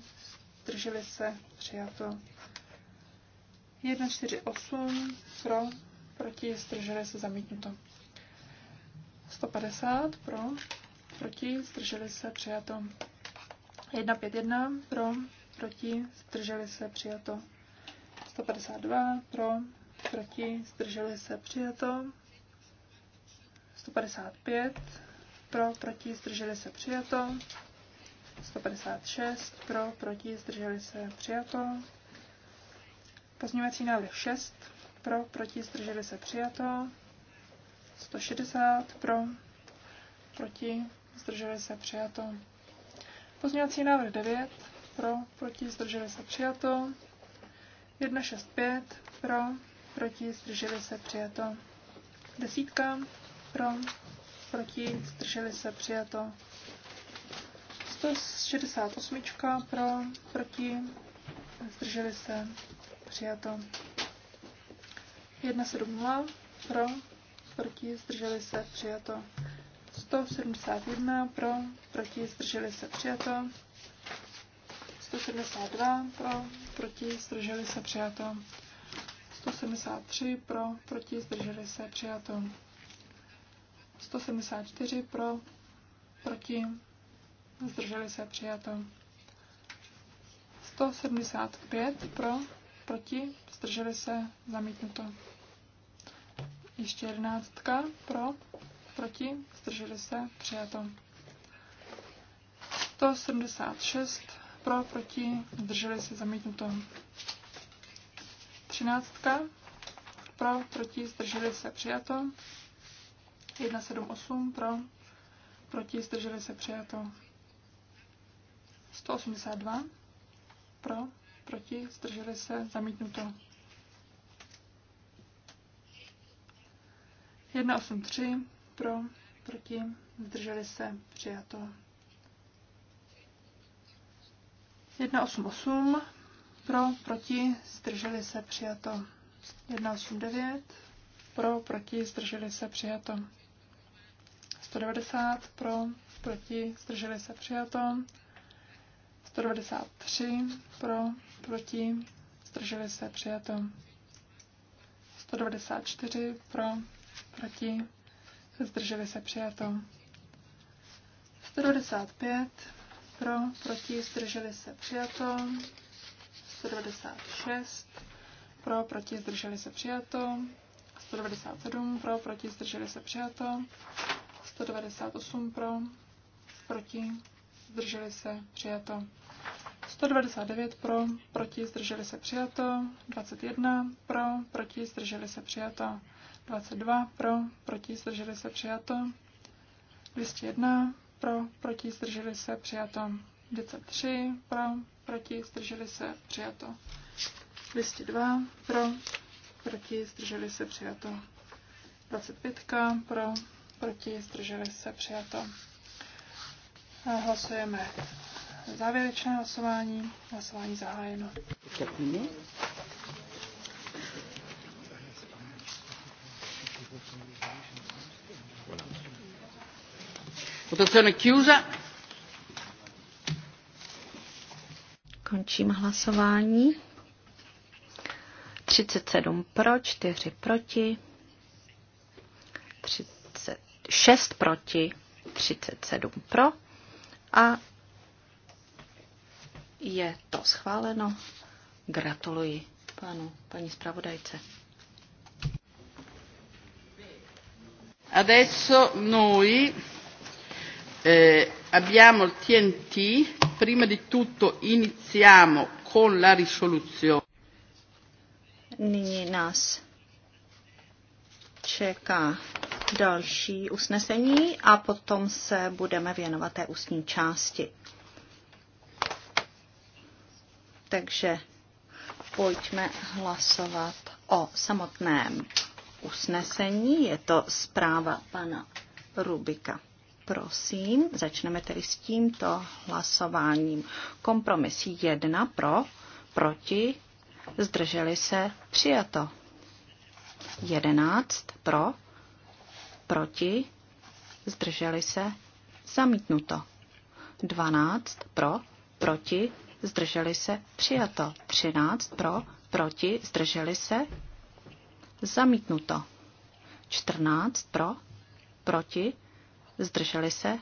zdrželi se, přijato. 148 pro, proti, zdrželi se, zamítnuto. 150 pro, proti, zdrželi se, přijato. 151 pro, proti, zdrželi se, přijato. 152 pro, proti, zdrželi se, přijato. 155 pro, proti, zdrželi se, přijato. 156 pro, proti, zdrželi se, přijato. Pozměňovací návrh 6 pro, proti, zdrželi se, přijato. 160 pro, proti, zdrželi se, přijato. Pozměňovací návrh 9 pro, proti, zdrželi se, přijato. 165 pro, proti, zdrželi se, přijato. Desítka pro, proti, zdrželi se, přijato. 68 pro, proti, zdrželi se, přijato. 170 pro, proti, zdrželi se, přijato. 171 pro, proti, zdrželi se, přijato. 172 pro, proti, zdrželi se, přijato. 173 pro, proti, zdrželi se, přijato. 174 pro, proti, zdrželi se přijato. 175 pro, proti, zdrželi se zamítnuto. Ještě jedenáctka pro, proti, zdrželi se přijato. 176 pro, proti, zdrželi se zamítnuto. Třináctka pro, proti, zdrželi se přijato. 178 pro, proti, zdrželi se přijato. 182 pro, proti, zdrželi se, zamítnuto. 183 pro, proti, zdrželi se, přijato. 188 pro, proti, zdrželi se, přijato. 189 pro, proti, zdrželi se, přijato. 190 pro, proti, zdrželi se, přijato. 193 pro, proti, zdrželi se, přijato. 194 pro, proti, zdrželi se, přijato. 195 pro, proti, zdrželi se, přijato. 196 pro, proti, zdrželi se, přijato. 197 pro, proti, zdrželi se, přijato. 198 pro, proti, zdrželi se, přijato. 199 pro, proti, zdrželi se, přijato. 21 pro, proti, zdrželi se, přijato. 22 pro, proti, zdrželi se, přijato. 201 pro, proti, zdrželi se, přijato. 203 pro, proti, zdrželi se, přijato. 202 pro, proti, zdrželi se, přijato. 25 pro, proti, zdrželi se, přijato. Hlasujeme závěrečné hlasování. Hlasování zahájeno. Votazione chiusa. Končím hlasování. 37 pro, 4 proti, 36 proti, 37 pro a je to schváleno. Gratuluji panu, paní zpravodajce. Adesso noi eh, abbiamo il TNT, prima di tutto iniziamo con la risoluzione. Nyní nás čeká další usnesení a potom se budeme věnovat té ústní části. Takže pojďme hlasovat o samotném usnesení. Je to zpráva pana Rubika. Prosím, začneme tedy s tímto hlasováním. Kompromis 1 pro, proti, zdrželi se, přijato. 11 pro, proti, zdrželi se, zamítnuto. 12 pro, proti, zdrželi se, přijato. 13 pro, proti, zdrželi se, zamítnuto. 14 pro, proti, zdrželi se,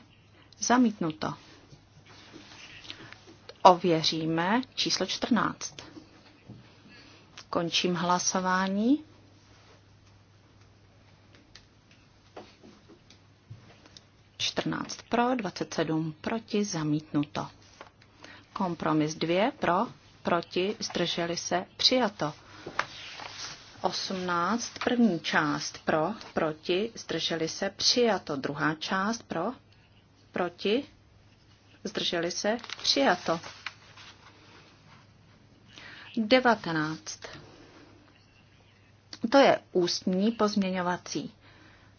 zamítnuto. Ověříme číslo 14. Končím hlasování. 14 pro, 27 proti, zamítnuto. Kompromis 2 pro, proti, zdrželi se, přijato. 18, první část pro, proti, zdrželi se, přijato. Druhá část pro, proti, zdrželi se, přijato. 19. To je ústní pozměňovací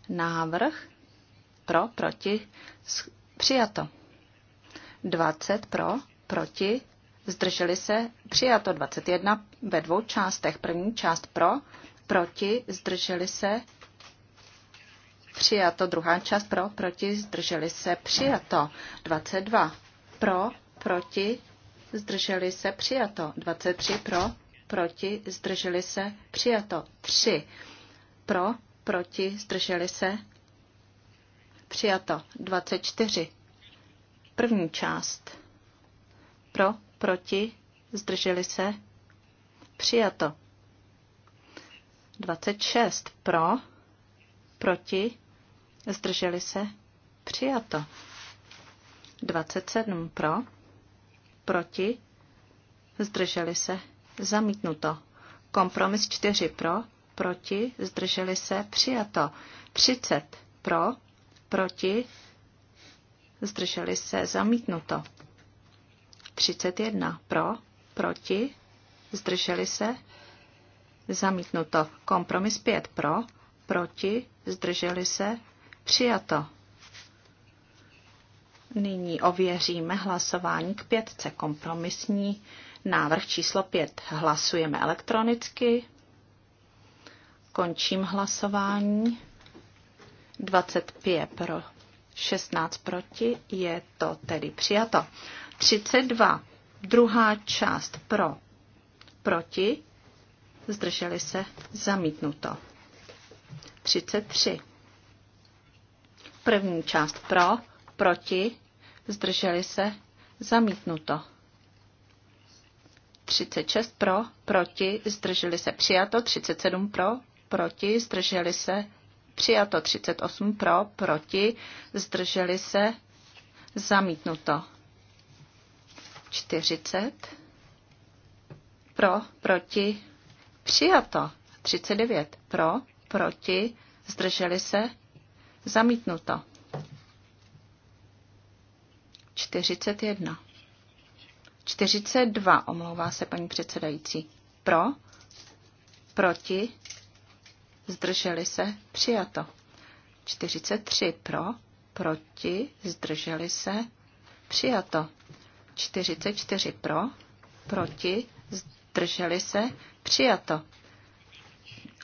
návrh pro, proti, přijato. 20 pro, proti, zdrželi se, přijato 21 ve dvou částech. První část pro, proti, zdrželi se, přijato. Druhá část pro, proti, zdrželi se, přijato. 22 pro, proti, zdrželi se, přijato. 23 pro, proti, zdrželi se, přijato. 3 pro, proti, zdrželi se, Přijato 24. První část. Pro, proti, zdrželi se. Přijato. 26. Pro, proti, zdrželi se. Přijato. 27. Pro, proti, zdrželi se. Zamítnuto. Kompromis 4. Pro, proti, zdrželi se. Přijato. 30. Pro, proti, zdrželi se zamítnuto. 31 pro, proti, zdrželi se zamítnuto. Kompromis 5 pro, proti, zdrželi se přijato. Nyní ověříme hlasování k pětce kompromisní. Návrh číslo 5 hlasujeme elektronicky. Končím hlasování. 25 pro 16 proti, je to tedy přijato. 32. Druhá část pro, proti, zdrželi se, zamítnuto. 33. První část pro, proti, zdrželi se, zamítnuto. 36 pro, proti, zdrželi se, přijato. 37 pro, proti, zdrželi se, přijato 38 pro, proti, zdrželi se, zamítnuto 40 pro, proti, přijato 39 pro, proti, zdrželi se, zamítnuto 41. 42, omlouvá se paní předsedající. Pro, proti, zdrželi se, přijato. 43 pro, proti, zdrželi se, přijato. 44 pro, proti, zdrželi se, přijato.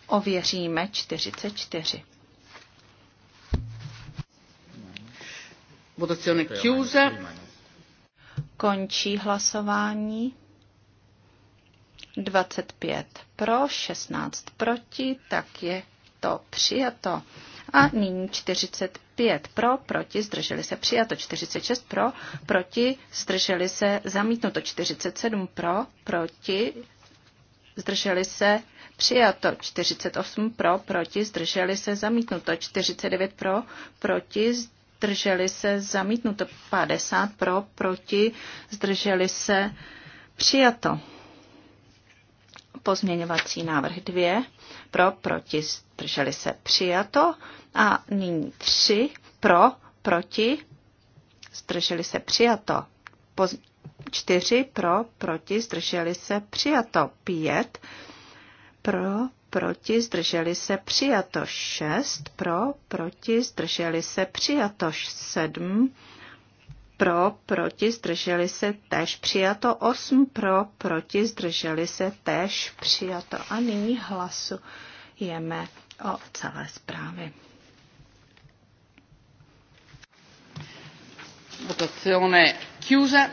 Ověříme 44. Votazione chiusa. Končí hlasování. 25 pro, 16 proti, tak je to přijato. A nyní 45 pro, proti, zdrželi se přijato, 46 pro, proti, zdrželi se zamítnuto, 47 pro, proti, zdrželi se přijato, 48 pro, proti, zdrželi se zamítnuto, 49 pro, proti, zdrželi se zamítnuto, 50 pro, proti, zdrželi se přijato. Pozměňovací návrh 2 pro, proti, zdrželi se přijato. A nyní 3 pro, proti, zdrželi se přijato. 4 pro, proti, zdrželi se přijato. 5 pro, proti, zdrželi se přijato. 6 pro, proti, zdrželi se přijato. 7 pro, proti, zdrželi se tež přijato, 8 pro, proti, zdrželi se tež přijato. A nyní hlasujeme o celé zprávy. Votazione chiusa.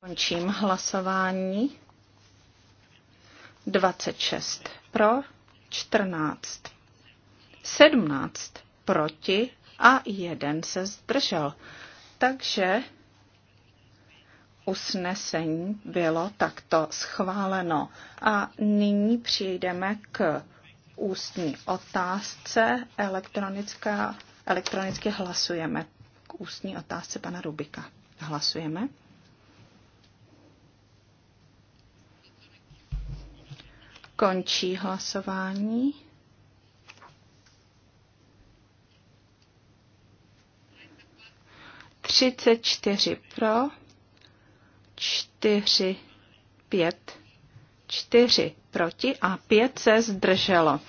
Končím hlasování. 26 pro, 14, 17 proti a jeden se zdržel. Takže usnesení bylo takto schváleno. A nyní přijdeme k ústní otázce. Elektronická, elektronicky hlasujeme k ústní otázce pana Rubika. Hlasujeme. Končí hlasování. 34 pro, 4, 5, 4 proti a 5 se zdrželo.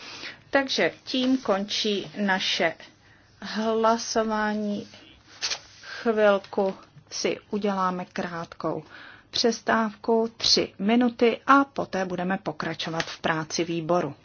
Takže tím končí naše hlasování. Chvilku si uděláme krátkou přestávku 3 minuty a poté budeme pokračovat v práci výboru.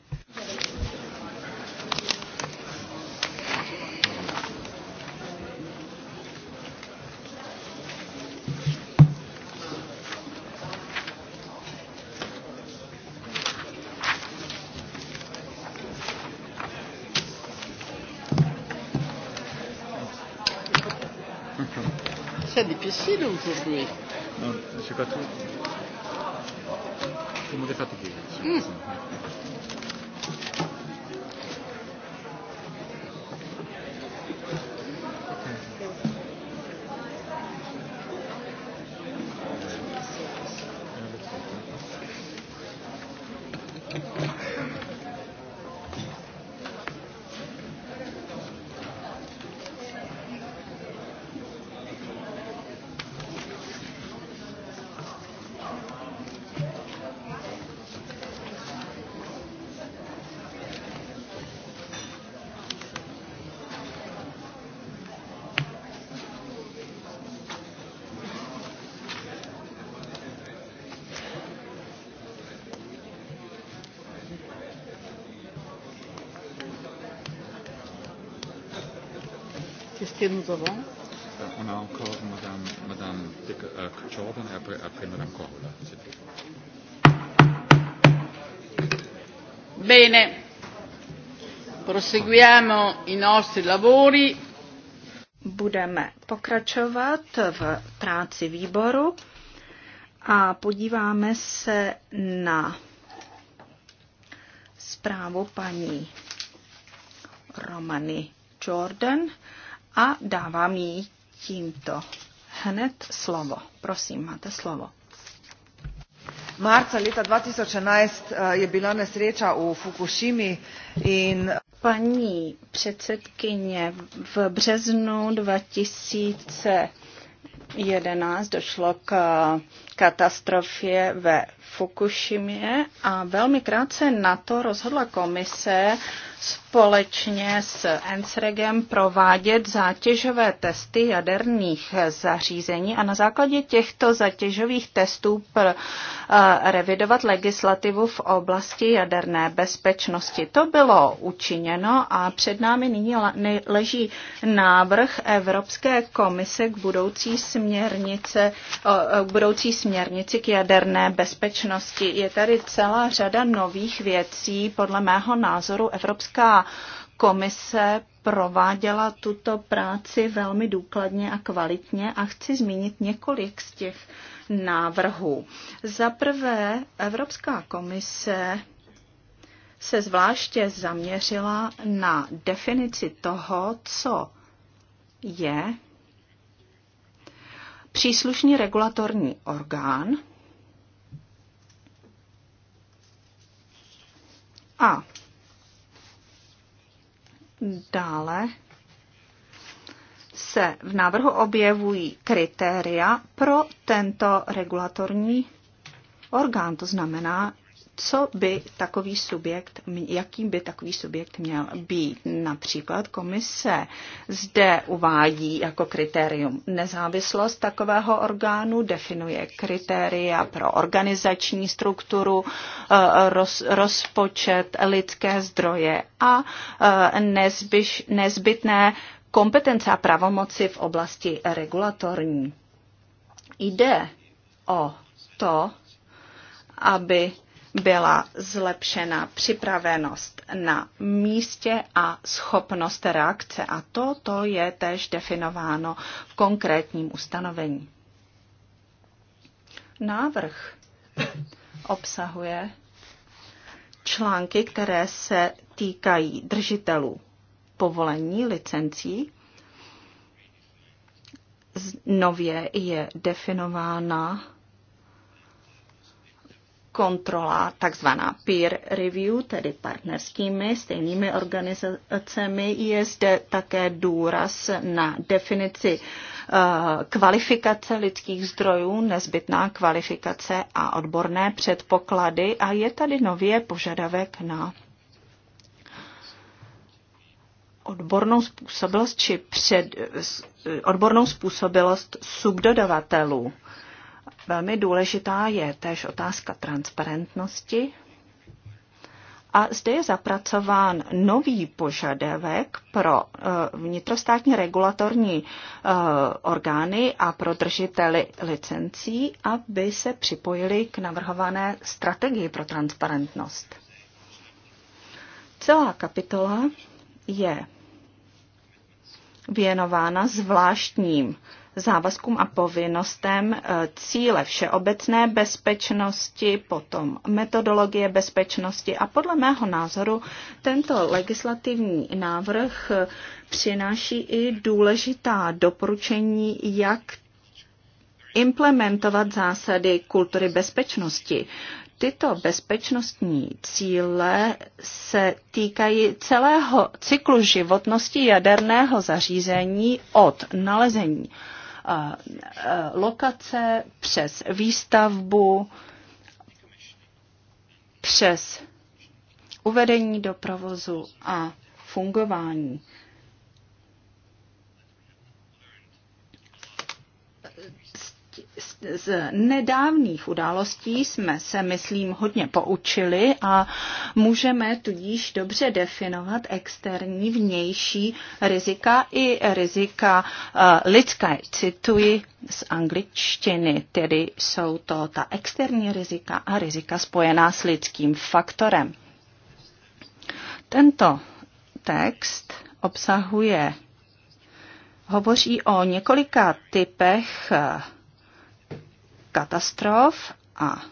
facile aujourd'hui. Non, c'est pas tout. Tout le monde est Thank you. que nous avons On a encore Madame, Madame eh, Jordan et après, après Madame Corolla. Bene, proseguiamo i nostri lavori. Budeme pokračovat v práci výboru a podíváme se na zprávu paní Romany Jordan a dávám jí tímto hned slovo. Prosím, máte slovo. Marca leta 2011 eh, je byla nesreča u Fukushimi in paní předsedkyně v březnu 2011 došlo k katastrofě ve Fukushimě a velmi krátce na to rozhodla komise společně s ENSREGem provádět zátěžové testy jaderných zařízení a na základě těchto zátěžových testů pr, eh, revidovat legislativu v oblasti jaderné bezpečnosti. To bylo učiněno a před námi nyní leží návrh Evropské komise k budoucí, směrnice, k budoucí směrnici k jaderné bezpečnosti společnosti. Je tady celá řada nových věcí. Podle mého názoru Evropská komise prováděla tuto práci velmi důkladně a kvalitně a chci zmínit několik z těch návrhů. Za prvé, Evropská komise se zvláště zaměřila na definici toho, co je příslušný regulatorní orgán, A dále se v návrhu objevují kritéria pro tento regulatorní orgán. To znamená, co by takový subjekt, jakým by takový subjekt měl být. Například komise zde uvádí jako kritérium nezávislost takového orgánu, definuje kritéria pro organizační strukturu, eh, roz, rozpočet, lidské zdroje a eh, nezbyš, nezbytné kompetence a pravomoci v oblasti regulatorní. Jde o to, aby byla zlepšena připravenost na místě a schopnost reakce. A to, to je též definováno v konkrétním ustanovení. Návrh obsahuje články, které se týkají držitelů povolení, licencí. Nově je definována kontrola takzvaná peer review, tedy partnerskými stejnými organizacemi, je zde také důraz na definici eh, kvalifikace lidských zdrojů, nezbytná kvalifikace a odborné předpoklady a je tady nově požadavek na odbornou způsobilost či před, odbornou způsobilost subdodavatelů Velmi důležitá je též otázka transparentnosti. A zde je zapracován nový požadavek pro eh, vnitrostátní regulatorní eh, orgány a pro držiteli licencí, aby se připojili k navrhované strategii pro transparentnost. Celá kapitola je věnována zvláštním závazkům a povinnostem eh, cíle všeobecné bezpečnosti, potom metodologie bezpečnosti a podle mého názoru tento legislativní návrh eh, přináší i důležitá doporučení, jak implementovat zásady kultury bezpečnosti tyto bezpečnostní cíle se týkají celého cyklu životnosti jaderného zařízení od nalezení Eh, lokace, přes výstavbu, přes uvedení do provozu a fungování. z nedávných událostí jsme se, myslím, hodně poučili a můžeme tudíž dobře definovat externí vnější rizika i rizika uh, lidské. Cituji z angličtiny, tedy jsou to ta externí rizika a rizika spojená s lidským faktorem. Tento text obsahuje, hovoří o několika typech uh, katastrof a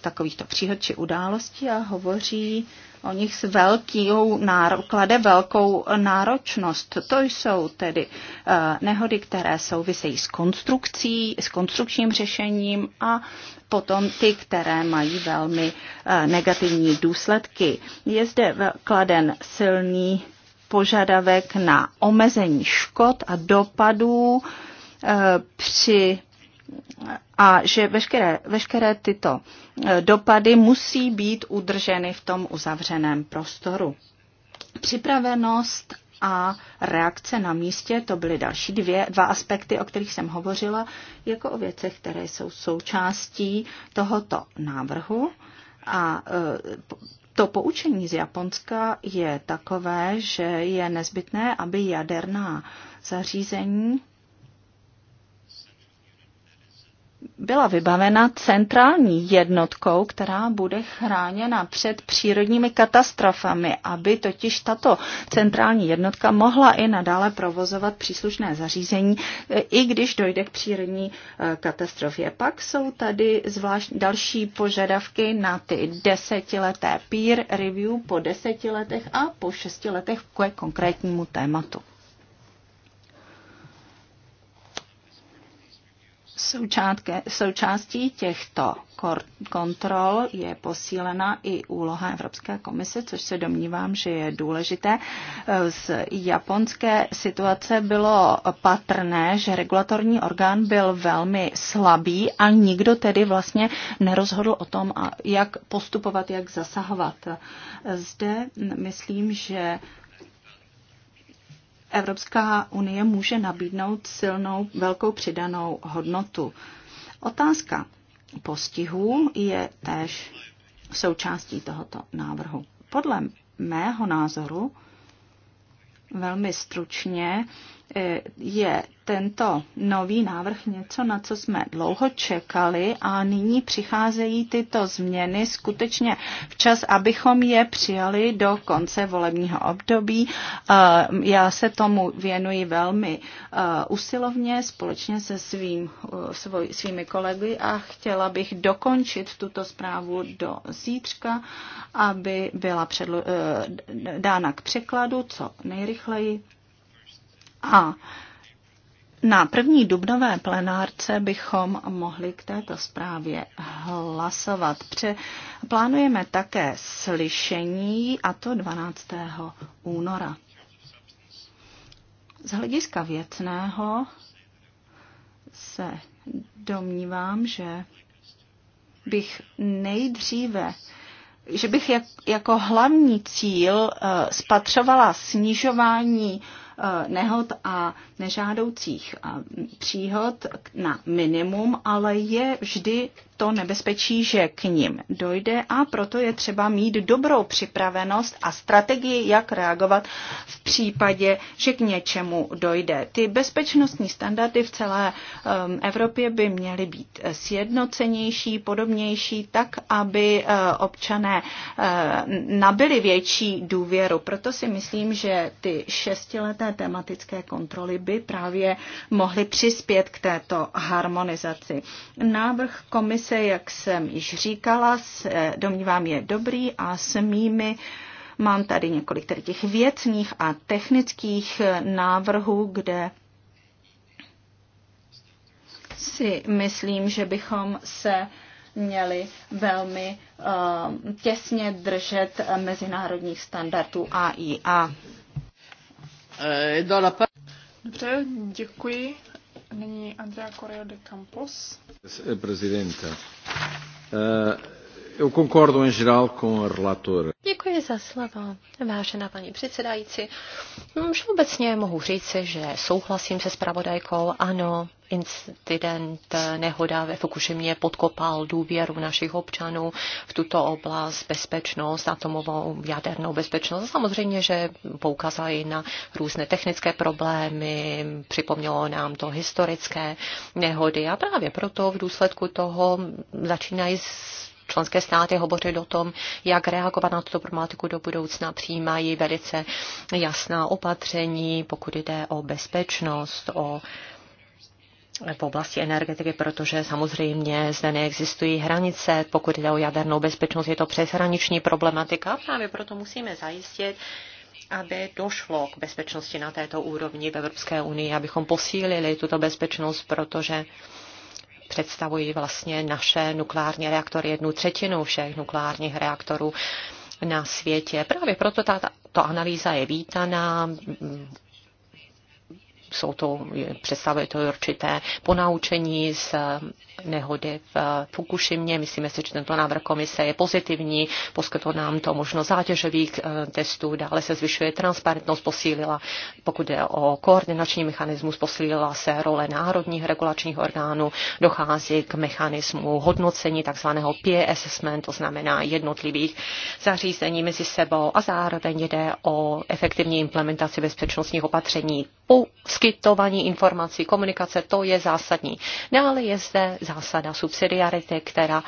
takovýchto příhod či událostí a hovoří o nich s velkou náro, klade velkou náročnost. To jsou tedy eh, nehody, které souvisejí s konstrukcí, s konstrukčním řešením a potom ty, které mají velmi eh, negativní důsledky. Je zde kladen silný požadavek na omezení škod a dopadů eh, při a že veškeré, veškeré tyto eh, dopady musí být udrženy v tom uzavřeném prostoru. Připravenost a reakce na místě, to byly další dvě, dva aspekty, o kterých jsem hovořila, jako o věcech, které jsou součástí tohoto návrhu. A eh, to poučení z Japonska je takové, že je nezbytné, aby jaderná zařízení byla vybavena centrální jednotkou, která bude chráněna před přírodními katastrofami, aby totiž tato centrální jednotka mohla i nadále provozovat příslušné zařízení, eh, i když dojde k přírodní eh, katastrofě. Pak jsou tady zvlášť další požadavky na ty desetileté peer review po deseti letech a po šesti letech ke konkrétnímu tématu. Součástí těchto kontrol je posílena i úloha Evropské komise, což se domnívám, že je důležité. Z japonské situace bylo patrné, že regulatorní orgán byl velmi slabý a nikdo tedy vlastně nerozhodl o tom, jak postupovat, jak zasahovat. Zde myslím, že Evropská unie může nabídnout silnou, velkou přidanou hodnotu. Otázka postihů je též součástí tohoto návrhu. Podle mého názoru velmi stručně Eh, je tento nový návrh něco, na co jsme dlouho čekali a nyní přicházejí tyto změny skutečně včas, abychom je přijali do konce volebního období. Eh, já se tomu věnuji velmi eh, usilovně společně se svým, svoj, svými kolegy a chtěla bych dokončit tuto zprávu do zítřka, aby byla předlo- dána k překladu co nejrychleji a na první dubnové plenárce bychom mohli k této zprávě hlasovat. Pře- plánujeme také slyšení, a to 12. února. Z hlediska věcného se domnívám, že bych nejdříve že bych jak, jako hlavní cíl uh, spatřovala snižování uh, Eh, nehod a nežádoucích eh, příhod na minimum, ale je vždy to nebezpečí, že k ním dojde a proto je třeba mít dobrou připravenost a strategii, jak reagovat v případě, že k něčemu dojde. Ty bezpečnostní standardy v celé um, Evropě by měly být sjednocenější, podobnější, tak, aby uh, občané uh, nabili větší důvěru. Proto si myslím, že ty šestileté tematické kontroly by právě mohly přispět k této harmonizaci. Návrh komise komise, jak jsem již říkala, domnívám je dobrý a s mými mám tady několik tady těch věcných a technických návrhů, kde si myslím, že bychom se měli velmi uh, těsně držet mezinárodních standardů AIA. Eh, Dobře, děkuji. Nyní Andrea Correa de Campos. Eh, Prezidenta. Uh... Eh, Děkuji za slovo, vážená paní předsedající. Už obecně mohu říci, že souhlasím se spravodajkou. Ano, incident, nehoda ve Fukušimě podkopal důvěru našich občanů v tuto oblast, bezpečnost, atomovou, jadernou bezpečnost. Samozřejmě, že poukazají na různé technické problémy, připomnělo nám to historické nehody a právě proto v důsledku toho začínají členské státy hovořit o tom, jak reagovat na tuto problematiku do budoucna, přijímají velice jasná opatření, pokud jde o bezpečnost, o v oblasti energetiky, protože samozřejmě zde neexistují hranice. Pokud jde o jadernou bezpečnost, je to přeshraniční problematika. Právě proto musíme zajistit, aby došlo k bezpečnosti na této úrovni v Evropské unii, abychom posílili tuto bezpečnost, protože představují vlastně naše nukleární reaktory, jednu třetinu všech nukleárních reaktorů na světě. Právě proto ta, ta analýza je vítaná, jsou to, představuje to určité ponaučení z eh, nehody v eh, Fukušimě. Myslíme si, že tento návrh komise je pozitivní, poskytl nám to možnost zátěžových eh, testů, dále se zvyšuje transparentnost, posílila, pokud jde o koordinační mechanismus, posílila se role národních regulačních orgánů, dochází k mechanismu hodnocení tzv. peer assessment, to znamená jednotlivých zařízení mezi sebou a zároveň jde o efektivní implementaci bezpečnostních opatření po poskytování informací, komunikace, to je zásadní. Dále je zde zásada subsidiarity, která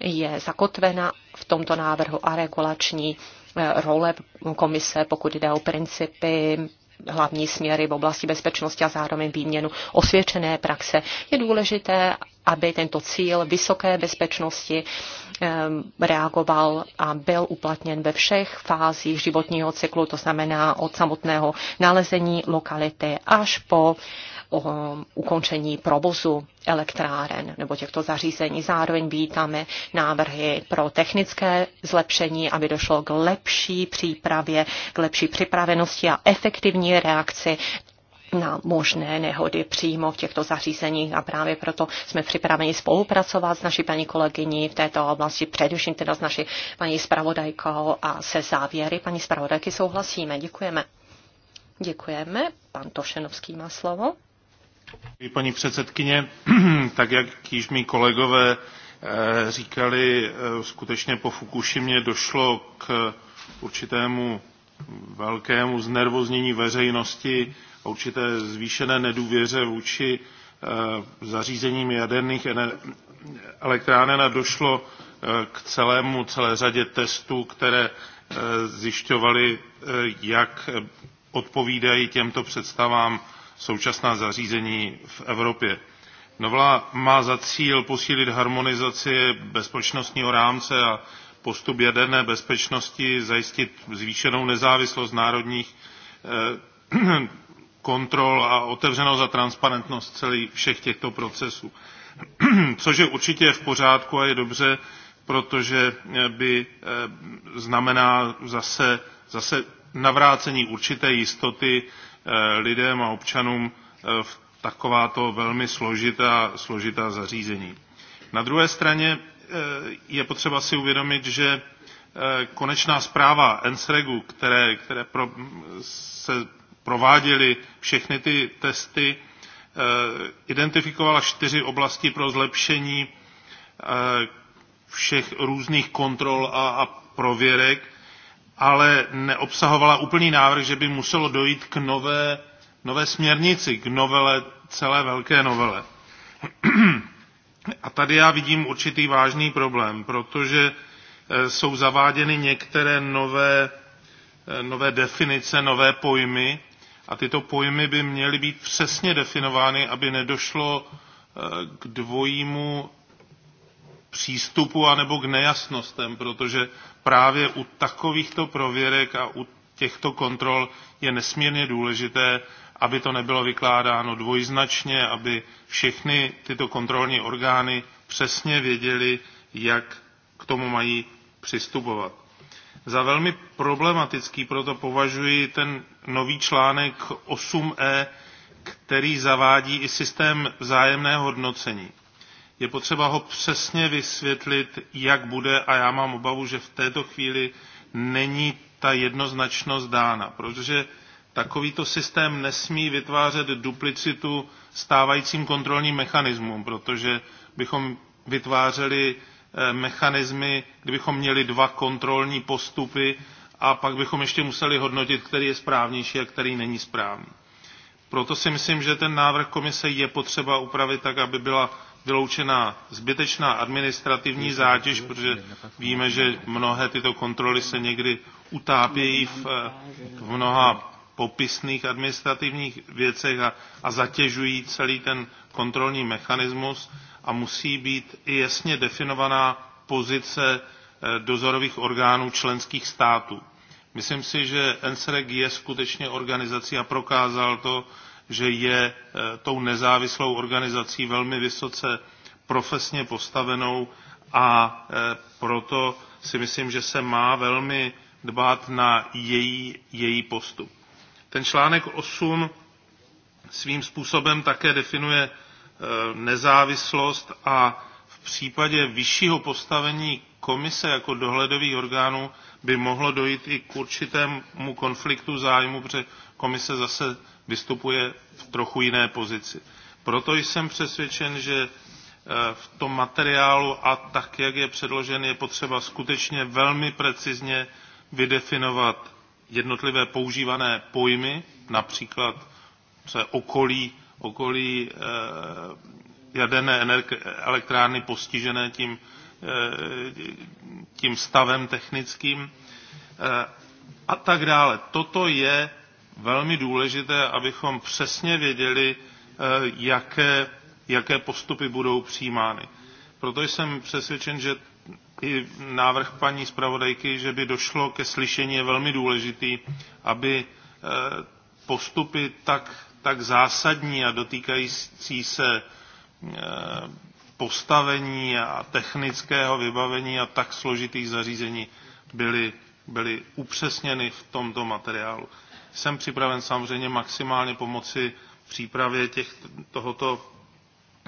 je zakotvena v tomto návrhu a regulační eh, role komise, pokud jde o principy hlavní směry v oblasti bezpečnosti a zároveň výměnu osvědčené praxe. Je důležité, aby tento cíl vysoké bezpečnosti eh, reagoval a byl uplatněn ve všech fázích životního cyklu, to znamená od samotného nalezení lokality až po Um, ukončení provozu elektráren nebo těchto zařízení. Zároveň vítáme návrhy pro technické zlepšení, aby došlo k lepší přípravě, k lepší připravenosti a efektivní reakci na možné nehody přímo v těchto zařízeních a právě proto jsme připraveni spolupracovat s naší paní kolegyní v této oblasti, především teda s naší paní zpravodajkou a se závěry paní zpravodajky souhlasíme. Děkujeme. Děkujeme. Pan Tošenovský má slovo. Paní předsedkyně, tak jak již mí kolegové eh, říkali, eh, skutečně po Fukušimě došlo k určitému velkému znervoznění veřejnosti a určité zvýšené nedůvěře vůči eh, zařízením jaderných elektráren a došlo k celému, celé řadě testů, které zjišťovaly, jak odpovídají těmto představám současná zařízení v Evropě. Novela má za cíl posílit harmonizaci bezpečnostního rámce a postup jaderné bezpečnosti, zajistit zvýšenou nezávislost národních eh, kontrol a otevřenost a transparentnost celých všech těchto procesů. Což je určitě v pořádku a je dobře, protože eh, by eh, znamená zase, zase navrácení určité jistoty Eh, lidem a občanům eh, v takováto velmi složitá, složitá zařízení. Na druhé straně eh, je potřeba si uvědomit, že konečná zpráva NSREGu, které, které pro, se prováděly všechny ty testy, identifikovala čtyři oblasti pro zlepšení všech různých kontrol a, a prověrek ale neobsahovala úplný návrh, že by muselo dojít k nové, nové směrnici, k novele, celé velké novele. A tady já vidím určitý vážný problém, protože e, jsou zaváděny některé nové, e, nové definice, nové pojmy a tyto pojmy by měly být přesně definovány, aby nedošlo e, k dvojímu přístupu anebo k nejasnostem, protože právě u takovýchto prověrek a u těchto kontrol je nesmírně důležité, aby to nebylo vykládáno dvojznačně, aby všechny tyto kontrolní orgány přesně věděli, jak k tomu mají přistupovat. Za velmi problematický proto považuji ten nový článek 8e, který zavádí i systém vzájemného hodnocení. Je potřeba ho přesně vysvětlit, jak bude a já mám obavu, že v této chvíli není ta jednoznačnost dána, protože takovýto systém nesmí vytvářet duplicitu stávajícím kontrolním mechanismům, protože bychom vytvářeli eh, mechanismy, kdybychom měli dva kontrolní postupy a pak bychom ještě museli hodnotit, který je správnější a který není správný. Proto si myslím, že ten návrh komise je potřeba upravit tak, aby byla vyloučena zbytečná administrativní zátěž, protože víme, že mnohé tyto kontroly se někdy utápějí v, eh, v mnoha popisných administrativních věcech a, a zatěžují celý ten kontrolní mechanismus a musí být i jasně definovaná pozice eh, dozorových orgánů členských států. Myslím si, že NSREG je skutečně organizací a prokázal to, že je eh, tou nezávislou organizací velmi vysoce profesně postavenou a eh, proto si myslím, že se má velmi dbát na její, její postup. Ten článek 8 svým způsobem také definuje eh, nezávislost a v případě vyššího postavení komise jako dohledových orgánů by mohlo dojít i k určitému konfliktu zájmu, protože komise zase vystupuje v trochu jiné pozici. Proto jsem přesvědčen, že eh, v tom materiálu a tak, jak je předložen, je potřeba skutečně velmi precizně vydefinovat jednotlivé používané pojmy, například se okolí, okolí eh, jaderné elektrárny postižené tím, eh, tím stavem technickým a tak dále. Toto je velmi důležité, abychom přesně věděli, eh, jaké, jaké postupy budou přijímány. Proto jsem přesvědčen, že i návrh paní zpravodajky, že by došlo ke slyšení, je velmi důležitý, aby eh, postupy tak, tak zásadní a dotýkající se eh, postavení a technického vybavení a tak složitých zařízení byly, byly upřesněny v tomto materiálu. Jsem připraven samozřejmě maximálně pomoci přípravě těch, tohoto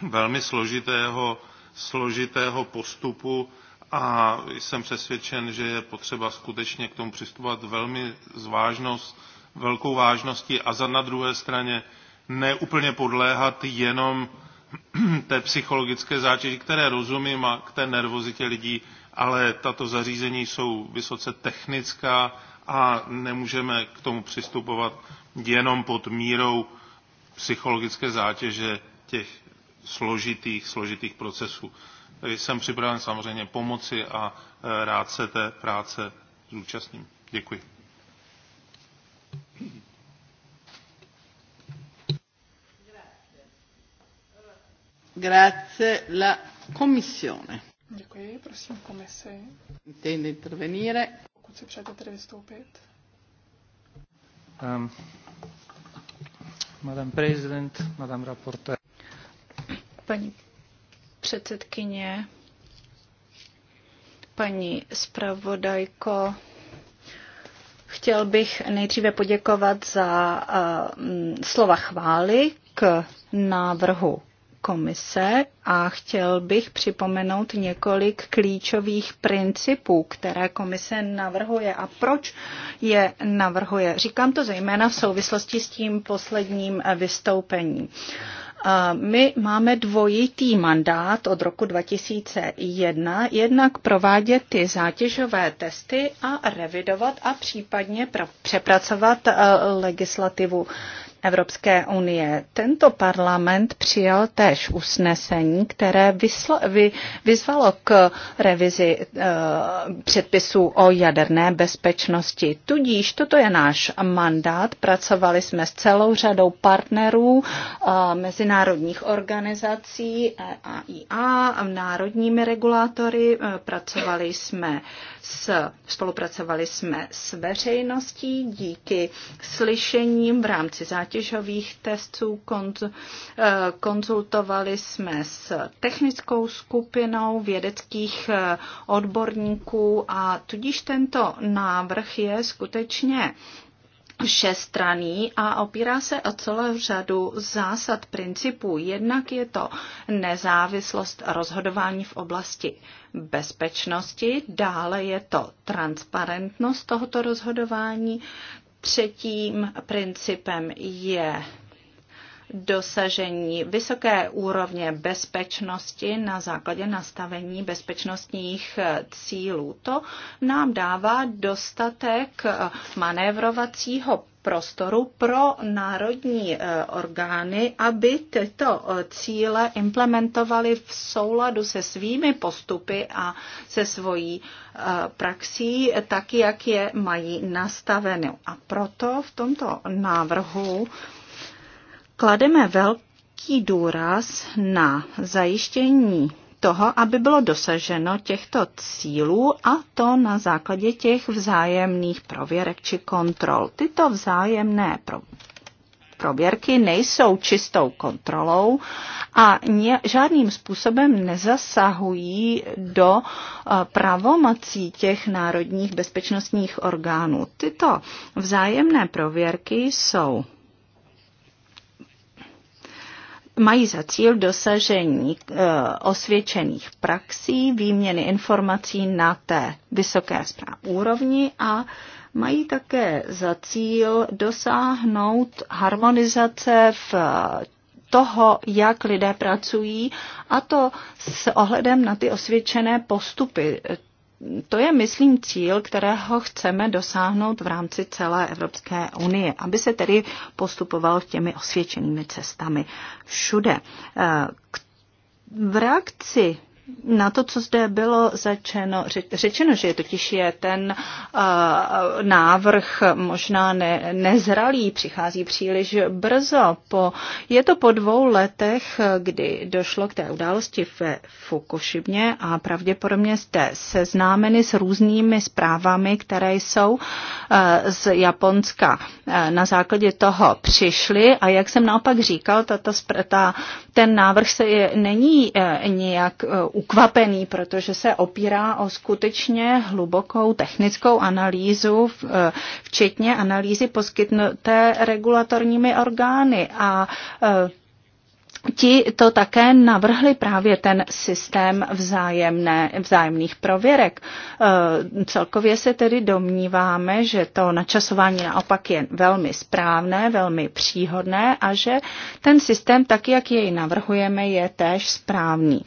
velmi složitého, složitého postupu a jsem přesvědčen, že je potřeba skutečně k tomu přistupovat velmi vážnost, velkou vážností a za na druhé straně neúplně podléhat jenom té psychologické zátěži, které rozumím a k té nervozitě lidí, ale tato zařízení jsou vysoce technická, a nemůžeme k tomu přistupovat jenom pod mírou psychologické zátěže těch složitých, složitých procesů. Jsem připraven samozřejmě pomoci a e, rád se té práce zúčastním. Děkuji. Grazie la Commissione. Děkuji, prosím komisi. Intende intervenire. Pokud si přejete tedy vystoupit. Um, Madame President, Madame Rapporteur. Paní předsedkyně, paní zpravodajko, chtěl bych nejdříve poděkovat za uh, slova chvály k návrhu komise a chtěl bych připomenout několik klíčových principů, které komise navrhuje a proč je navrhuje. Říkám to zejména v souvislosti s tím posledním vystoupením. My máme dvojitý mandát od roku 2001, jednak provádět ty zátěžové testy a revidovat a případně přepracovat eh, legislativu Evropské unie. Tento parlament přijal též usnesení, které vyslo, vy, vyzvalo k revizi e, předpisů o jaderné bezpečnosti. Tudíž toto je náš mandát. Pracovali jsme s celou řadou partnerů e, mezinárodních organizací AIA, e národními regulátory. E, pracovali jsme s, spolupracovali jsme s veřejností díky slyšením v rámci záčení zátěžových testů, eh, konzultovali jsme s technickou skupinou vědeckých eh, odborníků a tudíž tento návrh je skutečně šestraný a opírá se o celou řadu zásad principů. Jednak je to nezávislost rozhodování v oblasti bezpečnosti, dále je to transparentnost tohoto rozhodování, Třetím principem je dosažení vysoké úrovně bezpečnosti na základě nastavení bezpečnostních eh, cílů. To nám dává dostatek eh, manévrovacího prostoru pro národní eh, orgány, aby tyto eh, cíle implementovaly v souladu se svými postupy a se svojí eh, praxí, tak jak je mají nastaveny. A proto v tomto návrhu klademe velký důraz na zajištění toho, aby bylo dosaženo těchto cílů a to na základě těch vzájemných prověrek či kontrol. Tyto vzájemné pro prověrky nejsou čistou kontrolou a ně, žádným způsobem nezasahují do eh, pravomocí těch národních bezpečnostních orgánů. Tyto vzájemné prověrky jsou mají za cíl dosažení eh, osvědčených praxí, výměny informací na té vysoké úrovni a mají také za cíl dosáhnout harmonizace v eh, toho, jak lidé pracují, a to s ohledem na ty osvědčené postupy to je, myslím, cíl, kterého chceme dosáhnout v rámci celé Evropské unie, aby se tedy postupovalo těmi osvědčenými cestami všude. Eh, v reakci na to, co zde bylo začeno, řečeno, že totiž je ten uh, návrh možná ne, nezralý, přichází příliš brzo. Po, je to po dvou letech, kdy došlo k té události ve Fukushimě a pravděpodobně jste seznámeni s různými zprávami, které jsou uh, z Japonska. Uh, na základě toho přišli a jak jsem naopak říkal, tato, ta, ten návrh se je, není uh, nijak uh, ukvapený, protože se opírá o skutečně hlubokou technickou analýzu, eh, včetně analýzy poskytnuté regulatorními orgány. A eh, Ti to také navrhli právě ten systém vzájemné, vzájemných prověrek. E, celkově se tedy domníváme, že to načasování naopak je velmi správné, velmi příhodné a že ten systém, tak jak jej navrhujeme, je též správný. E,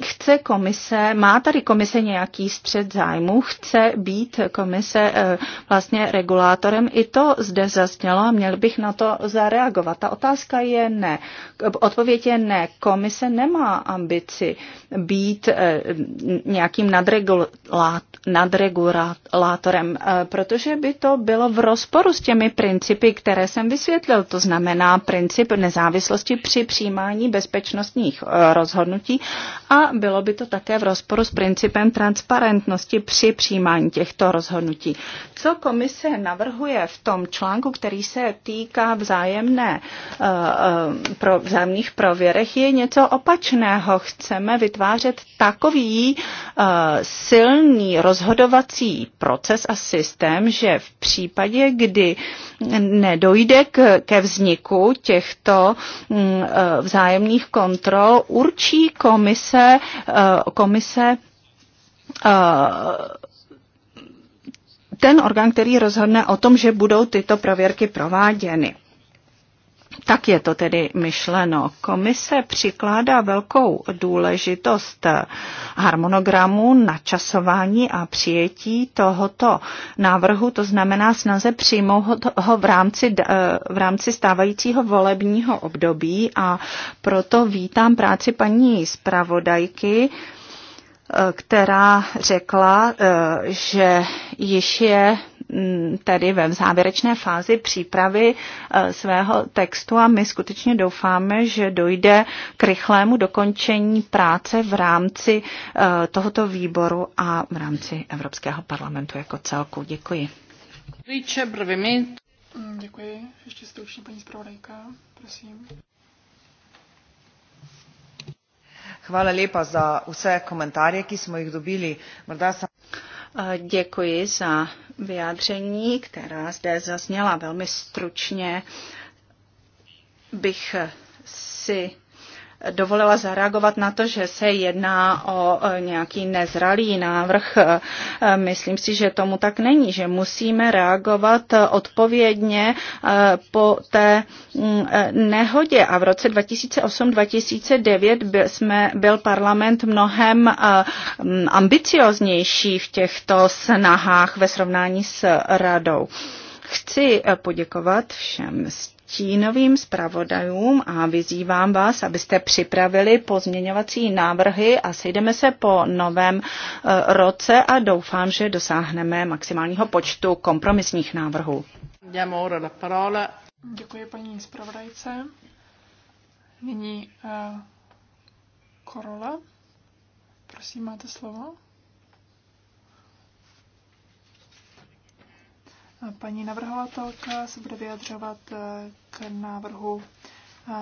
chce komise, má tady komise nějaký střed zájmu, chce být komise eh, vlastně regulátorem, i to zde zaznělo a měl bych na to zareagovat. Ta otázka je ne. Odpověď je ne. Komise nemá ambici být eh, nějakým nadregulátorem, eh, protože by to bylo v rozporu s těmi principy, které jsem vysvětlil. To znamená princip nezávislosti při přijímání bezpečnostních rozhodnutí a bylo by to také v rozporu s principem transparentnosti při přijímání těchto rozhodnutí. Co komise navrhuje v tom článku, který se týká vzájemné, eh, eh, pro vzájemných prověrech, je něco opačného. Chceme vytvářet takový eh, silný rozhodovací proces a systém, že v případě, kdy nedojde k, ke vzniku těchto mm, vzájemných kontrol, určí komise Eh, komise, eh, ten orgán, který rozhodne o tom, že budou tyto prověrky prováděny. Tak je to tedy myšleno. Komise přikládá velkou důležitost harmonogramu, načasování a přijetí tohoto návrhu, to znamená snaze přijmout ho v rámci, v rámci stávajícího volebního období a proto vítám práci paní zpravodajky, eh, která řekla, eh, že již je Mm, tedy ve závěrečné fázi přípravy eh, svého textu a my skutečně doufáme, že dojde k rychlému dokončení práce v rámci eh, tohoto výboru a v rámci Evropského parlamentu jako celku. Děkuji. Mm, děkuji. Ještě stručně paní zpravodajka, prosím. Hvala lepa za vse komentarje, ki smo jih dobili. Morda sam... Děkuji za vyjádření, která zde zazněla velmi stručně. Bych si dovolila zareagovat na to, že se jedná o e, nějaký nezralý návrh. E, myslím si, že tomu tak není, že musíme reagovat odpovědně e, po té mm, nehodě. A v roce 2008-2009 jsme, byl parlament mnohem mm, ambicioznější v těchto snahách ve srovnání s radou chci poděkovat všem stínovým zpravodajům a vyzývám vás, abyste připravili pozměňovací návrhy a sejdeme se po novém e, roce a doufám, že dosáhneme maximálního počtu kompromisních návrhů. Děkuji paní zpravodajce. Nyní uh, e, Korola. Prosím, máte slovo. Paní navrhovatelka se bude vyjadřovat eh, k návrhu eh,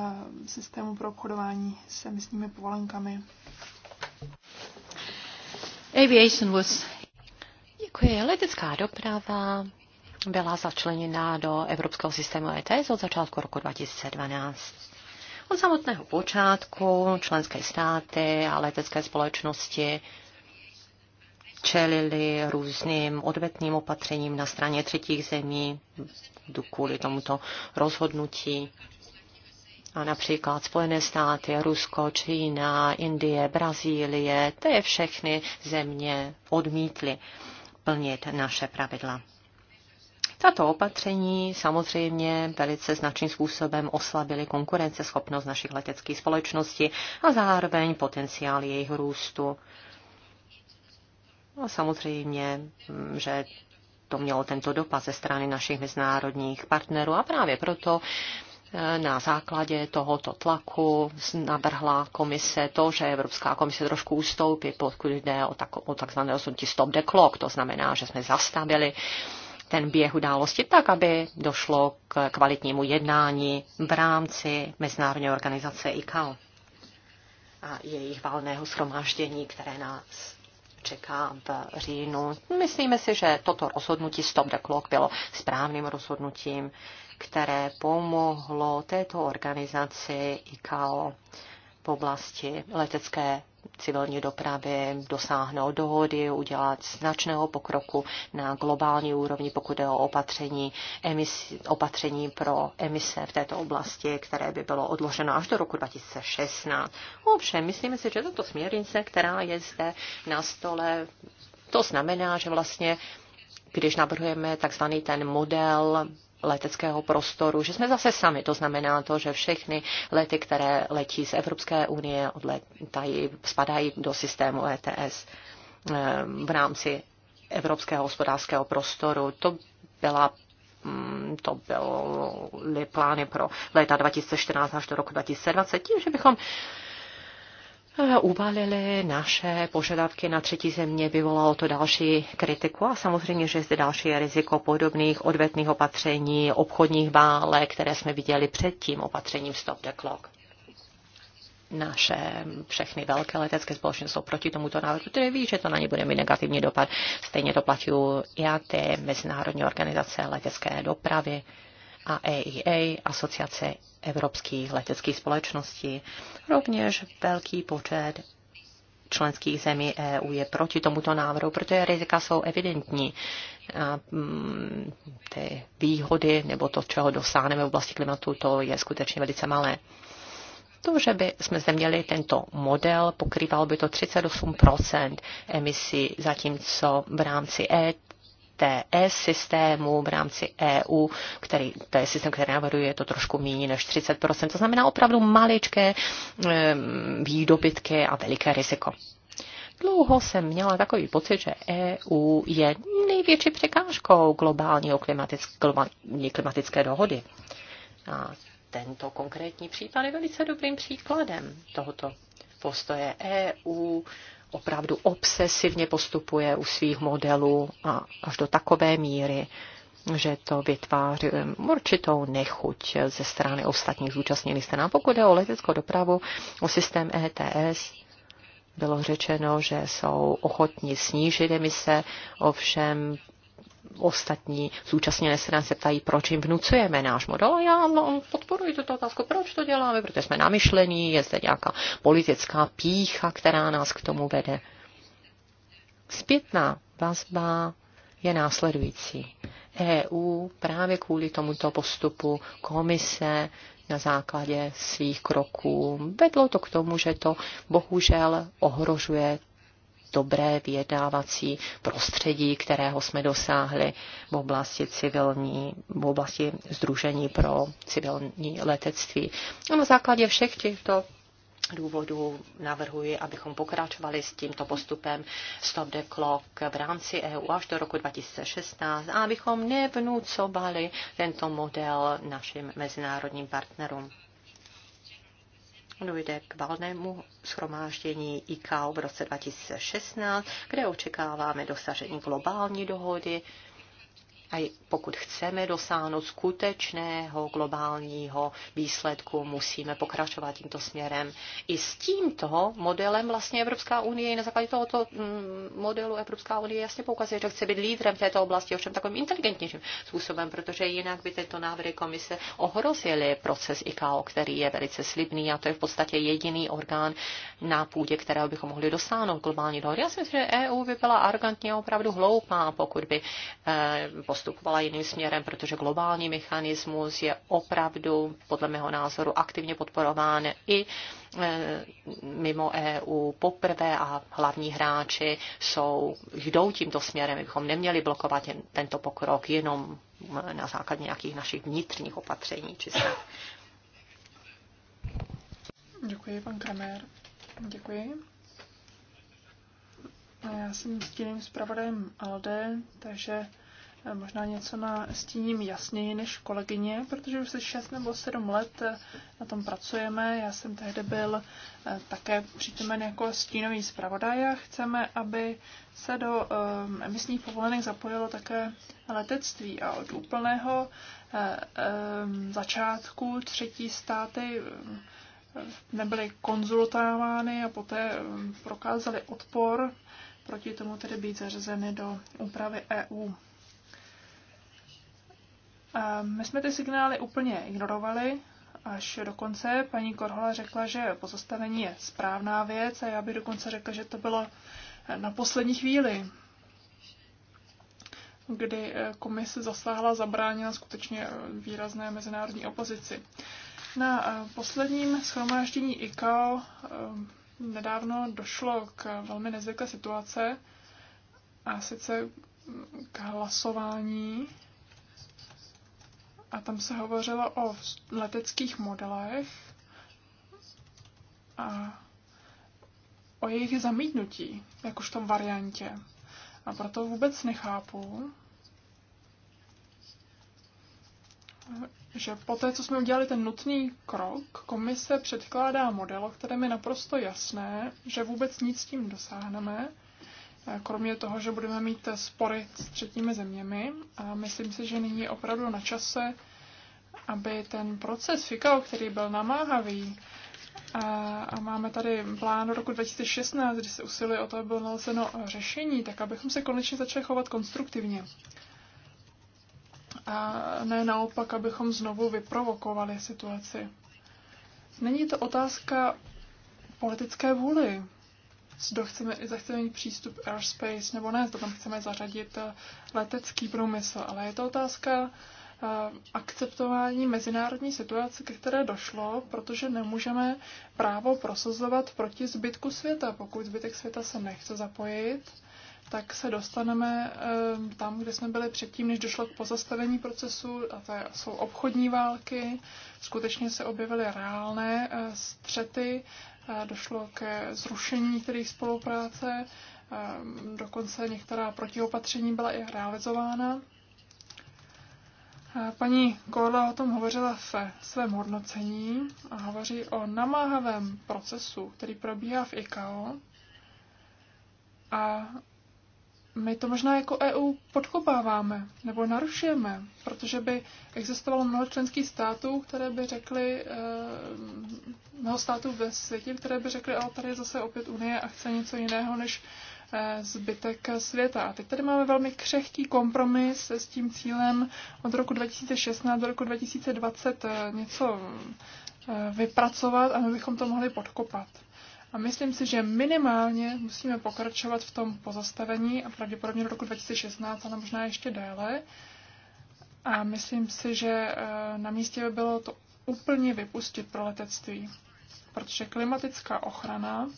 systému pro obchodování s emisními povolenkami. Aviation was... Děkuji. Letecká doprava byla začleněna do evropského systému ETS od začátku roku 2012. Od samotného počátku členské státy a letecké společnosti čelili různým odvetným opatřením na straně třetích zemí kvůli tomuto rozhodnutí. A například Spojené státy, Rusko, Čína, Indie, Brazílie, to je všechny země odmítly plnit naše pravidla. Tato opatření samozřejmě velice značným způsobem oslabily konkurenceschopnost našich leteckých společností a zároveň potenciál jejich růstu. No, samozřejmě, mm, že to mělo tento dopad ze strany našich mezinárodních partnerů a právě proto eh, na základě tohoto tlaku navrhla komise to, že Evropská komise trošku ustoupí, pokud jde o, tak, o takzvané rozhodnutí stop the clock, to znamená, že jsme zastavili ten běh události tak, aby došlo k kvalitnímu jednání v rámci Mezinárodní organizace ICAO a jejich valného schromáždění, které nás čeká v říjnu. Myslíme si, že toto rozhodnutí Stop the Clock bylo správným rozhodnutím, které pomohlo této organizaci ICAO v oblasti letecké civilní dopravy dosáhnout dohody, udělat značného pokroku na globální úrovni, pokud je o opatření, emis, opatření pro emise v této oblasti, které by bylo odloženo až do roku 2016. Ovšem, myslíme si, že tato směrnice, která je zde na stole, to znamená, že vlastně když navrhujeme takzvaný ten model leteckého prostoru, že jsme zase sami. To znamená to, že všechny lety, které letí z Evropské unie, odletají, spadají do systému ETS eh, v rámci evropského hospodářského prostoru. To byla mm, to byly plány pro léta 2014 až do roku 2020, tím, že bychom uvalili naše požadavky na třetí země, vyvolalo to další kritiku a samozřejmě, že je zde další riziko podobných odvetných opatření, obchodních válek, které jsme viděli před tím opatřením Stop the Clock. Naše všechny velké letecké společnosti jsou proti tomuto návrhu, které ví, že to na ně bude mít negativní dopad. Stejně to platí u ty Mezinárodní organizace letecké dopravy a AEA, asociace evropských leteckých společností. Rovněž velký počet členských zemí EU je proti tomuto návrhu, protože rizika jsou evidentní. A mm, ty výhody nebo to, čeho dosáhneme v oblasti klimatu, to je skutečně velice malé. To, že by jsme zde měli tento model, pokrýval by to 38 emisí, zatímco v rámci e ETS systému v rámci EU, který, to je systém, který navrhuje to trošku méně než 30%. To znamená opravdu maličké výdobytky a veliké riziko dlouho jsem měla takový pocit, že EU je největší překážkou globálního klimatické, globální klimatické dohody. A tento konkrétní případ je velice dobrým příkladem tohoto postoje EU opravdu obsesivně postupuje u svých modelů a až do takové míry, že to vytváří um, určitou nechuť ze strany ostatních zúčastněných stran. Pokud jde o leteckou dopravu, o systém ETS, bylo řečeno, že jsou ochotni snížit emise, ovšem ostatní zúčastněné strany se ptají, proč jim vnucujeme náš model. A já no, podporuji tuto otázku, proč to děláme, protože jsme namyšlení, je zde nějaká politická pícha, která nás k tomu vede. Zpětná vazba je následující. EU právě kvůli tomuto postupu komise na základě svých kroků vedlo to k tomu, že to bohužel ohrožuje dobré vyjednávací prostředí, kterého jsme dosáhli v oblasti civilní, v oblasti Združení pro civilní letectví. A na základě všech těchto důvodů navrhuji, abychom pokračovali s tímto postupem Stop the Clock v rámci EU až do roku 2016 a abychom nevnucovali tento model našim mezinárodním partnerům dojde no, k valnému schromáždění ICAO v roce 2016, kde očekáváme dosažení globální dohody a pokud chceme dosáhnout skutečného globálního výsledku, musíme pokračovat tímto směrem. I s tímto modelem vlastně Evropská unie, na základě tohoto mm, modelu Evropská unie jasně poukazuje, že chce být lídrem této oblasti, ovšem takovým inteligentnějším způsobem, protože jinak by tento návrhy komise ohrozily proces ICAO, který je velice slibný a to je v podstatě jediný orgán na půdě, kterého bychom mohli dosáhnout globální dohody. Já si myslím, že EU by byla arrogantně opravdu hloupá, pokud by eh, postupovala jiným směrem, protože globální mechanismus je opravdu, podle mého názoru, aktivně podporován i e, mimo EU poprvé a hlavní hráči jsou, jdou tímto směrem, bychom neměli blokovat tento pokrok jenom na základě nějakých našich vnitřních opatření. Či Děkuji, pan Kramer. Děkuji. Já jsem s tím zpravodajem Alde, takže možná něco na stíním jasněji než kolegyně, protože už se 6 nebo 7 let eh, na tom pracujeme. Já jsem tehdy byl eh, také přítomen jako stínový zpravodaj a chceme, aby se do eh, emisních povolenek zapojilo také letectví a od úplného začátku třetí státy nebyly konzultovány a poté prokázali odpor proti tomu tedy být zařazeny do úpravy EU. Ehm, my jsme ty signály úplně ignorovali, až do konce. Paní Korhola řekla, že pozastavení je správná věc a já bych dokonce řekla, že to bylo na poslední chvíli, kdy eh, komise zasáhla, zabránila skutečně eh, výrazné mezinárodní opozici. Na eh, posledním schromáždění ICAO ehm, nedávno došlo k velmi nezvyklé situace, a sice k hlasování a tam se hovořilo o leteckých modelech a o jejich zamítnutí, jak už tom variantě. A proto vůbec nechápu, že po té, co jsme udělali ten nutný krok, komise předkládá model, o kterém je naprosto jasné, že vůbec nic tím dosáhneme, kromě toho, že budeme mít spory s třetími zeměmi. A myslím si, že nyní je opravdu na čase, aby ten proces FICAO, který byl namáhavý, a máme tady plán do roku 2016, kdy se usiluje o to, aby bylo nalezeno řešení, tak abychom se konečně začali chovat konstruktivně. A ne naopak, abychom znovu vyprovokovali situaci. Není to otázka politické vůli zda chceme, zda chceme mít přístup airspace nebo ne, zda tam chceme zařadit eh, letecký průmysl, ale je to otázka eh, akceptování mezinárodní situace, ke které došlo, protože nemůžeme právo prosazovat proti zbytku světa, pokud zbytek světa se nechce zapojit tak se dostaneme ehm, tam, kde jsme byli předtím, než došlo k pozastavení procesu, a to jsou obchodní války. Skutečně se objevily reálné eh, střety, došlo ke zrušení některých spolupráce, ehm, dokonce některá protiopatření byla i realizována. Paní Korla o tom hovořila ve svém hodnocení a hovoří o namáhavém procesu, který probíhá v ICAO a my to možná jako EU podkopáváme nebo narušujeme, protože by existovalo mnoho členských států, které by řekly, eh, mnoho států ve světě, které by řekly, ale tady je zase opět Unie a chce něco jiného než eh, zbytek světa. A teď tady máme velmi křehký kompromis s tím cílem od roku 2016 do roku 2020 eh, něco vypracovat a my bychom to mohli podkopat. A myslím si, že minimálně musíme pokračovat v tom pozastavení a pravděpodobně do roku 2016, ale no možná ještě déle. A myslím si, že eh, na místě by bylo to úplně vypustit pro letectví, protože klimatická ochrana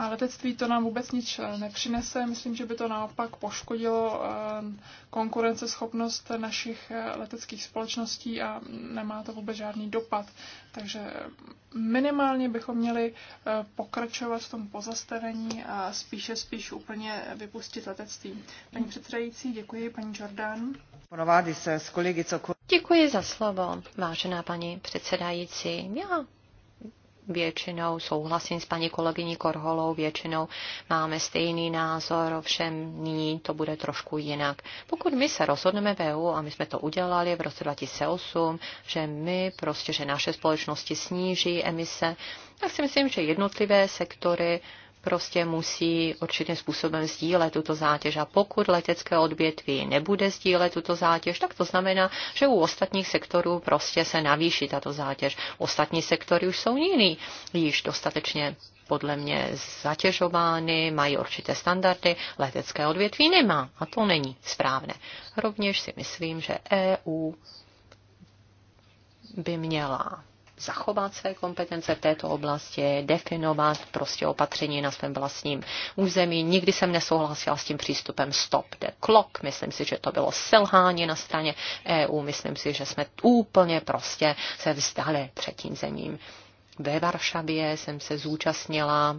A letectví to nám vůbec nic eh, nepřinese. Myslím, že by to naopak poškodilo eh, konkurenceschopnost našich eh, leteckých společností a nemá to vůbec žádný dopad. Takže minimálně bychom měli pokračovat v tom pozastavení a spíše, spíš úplně vypustit letectví. Paní předsedající, děkuji, paní Jordan. Děkuji za slovo, vážená paní předsedající. Já většinou souhlasím s paní kolegyní Korholou, většinou máme stejný názor, ovšem nyní to bude trošku jinak. Pokud my se rozhodneme VU e a my jsme to udělali v roce 2008, že my prostě, že naše společnosti sníží emise, tak si myslím, že jednotlivé sektory prostě musí určitým způsobem sdílet tuto zátěž. A pokud letecké odvětví nebude sdílet tuto zátěž, tak to znamená, že u ostatních sektorů prostě se navýší tato zátěž. Ostatní sektory už jsou jiný, již dostatečně podle mě zatěžovány, mají určité standardy, letecké odvětví nemá a to není správné. Rovněž si myslím, že EU by měla zachovat své kompetence v této oblasti, definovat prostě opatření na svém vlastním území. Nikdy jsem nesouhlasila s tím přístupem stop the clock. Myslím si, že to bylo selhání na straně EU. Myslím si, že jsme úplně prostě se vzdali třetím zemím. Ve Varšavě jsem se zúčastnila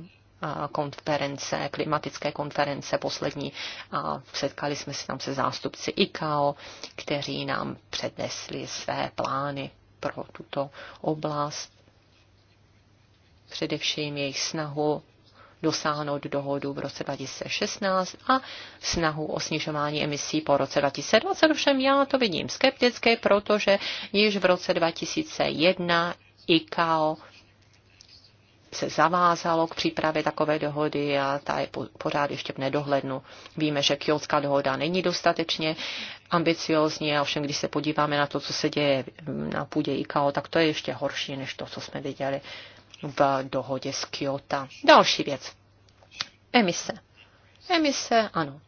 konference, klimatické konference poslední a setkali jsme se tam se zástupci ICAO, kteří nám přednesli své plány pro tuto oblast, především jejich snahu dosáhnout dohodu v roce 2016 a snahu o snižování emisí po roce 2020. Ovšem já to vidím skepticky, protože již v roce 2001 ICAO se zavázalo k přípravě takové dohody a ta je pořád ještě v nedohlednu. Víme, že kjótská dohoda není dostatečně ambiciozní, a ovšem když se podíváme na to, co se děje na půdě IKO, tak to je ještě horší než to, co jsme viděli v dohodě z Kyoto. Další věc. Emise. Emise, ano,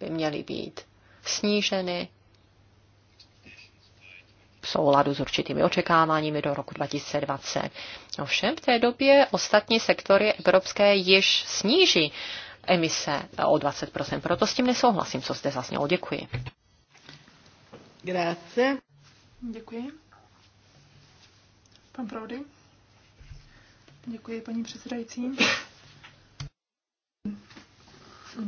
by měly být sníženy v souladu s určitými očekáváními do roku 2020. Ovšem v té době ostatní sektory evropské již sníží emise o 20%. Proto s tím nesouhlasím, co zde zaznělo. Děkuji. Grazie. Děkuji. Pan Proudy. Děkuji, paní předsedající.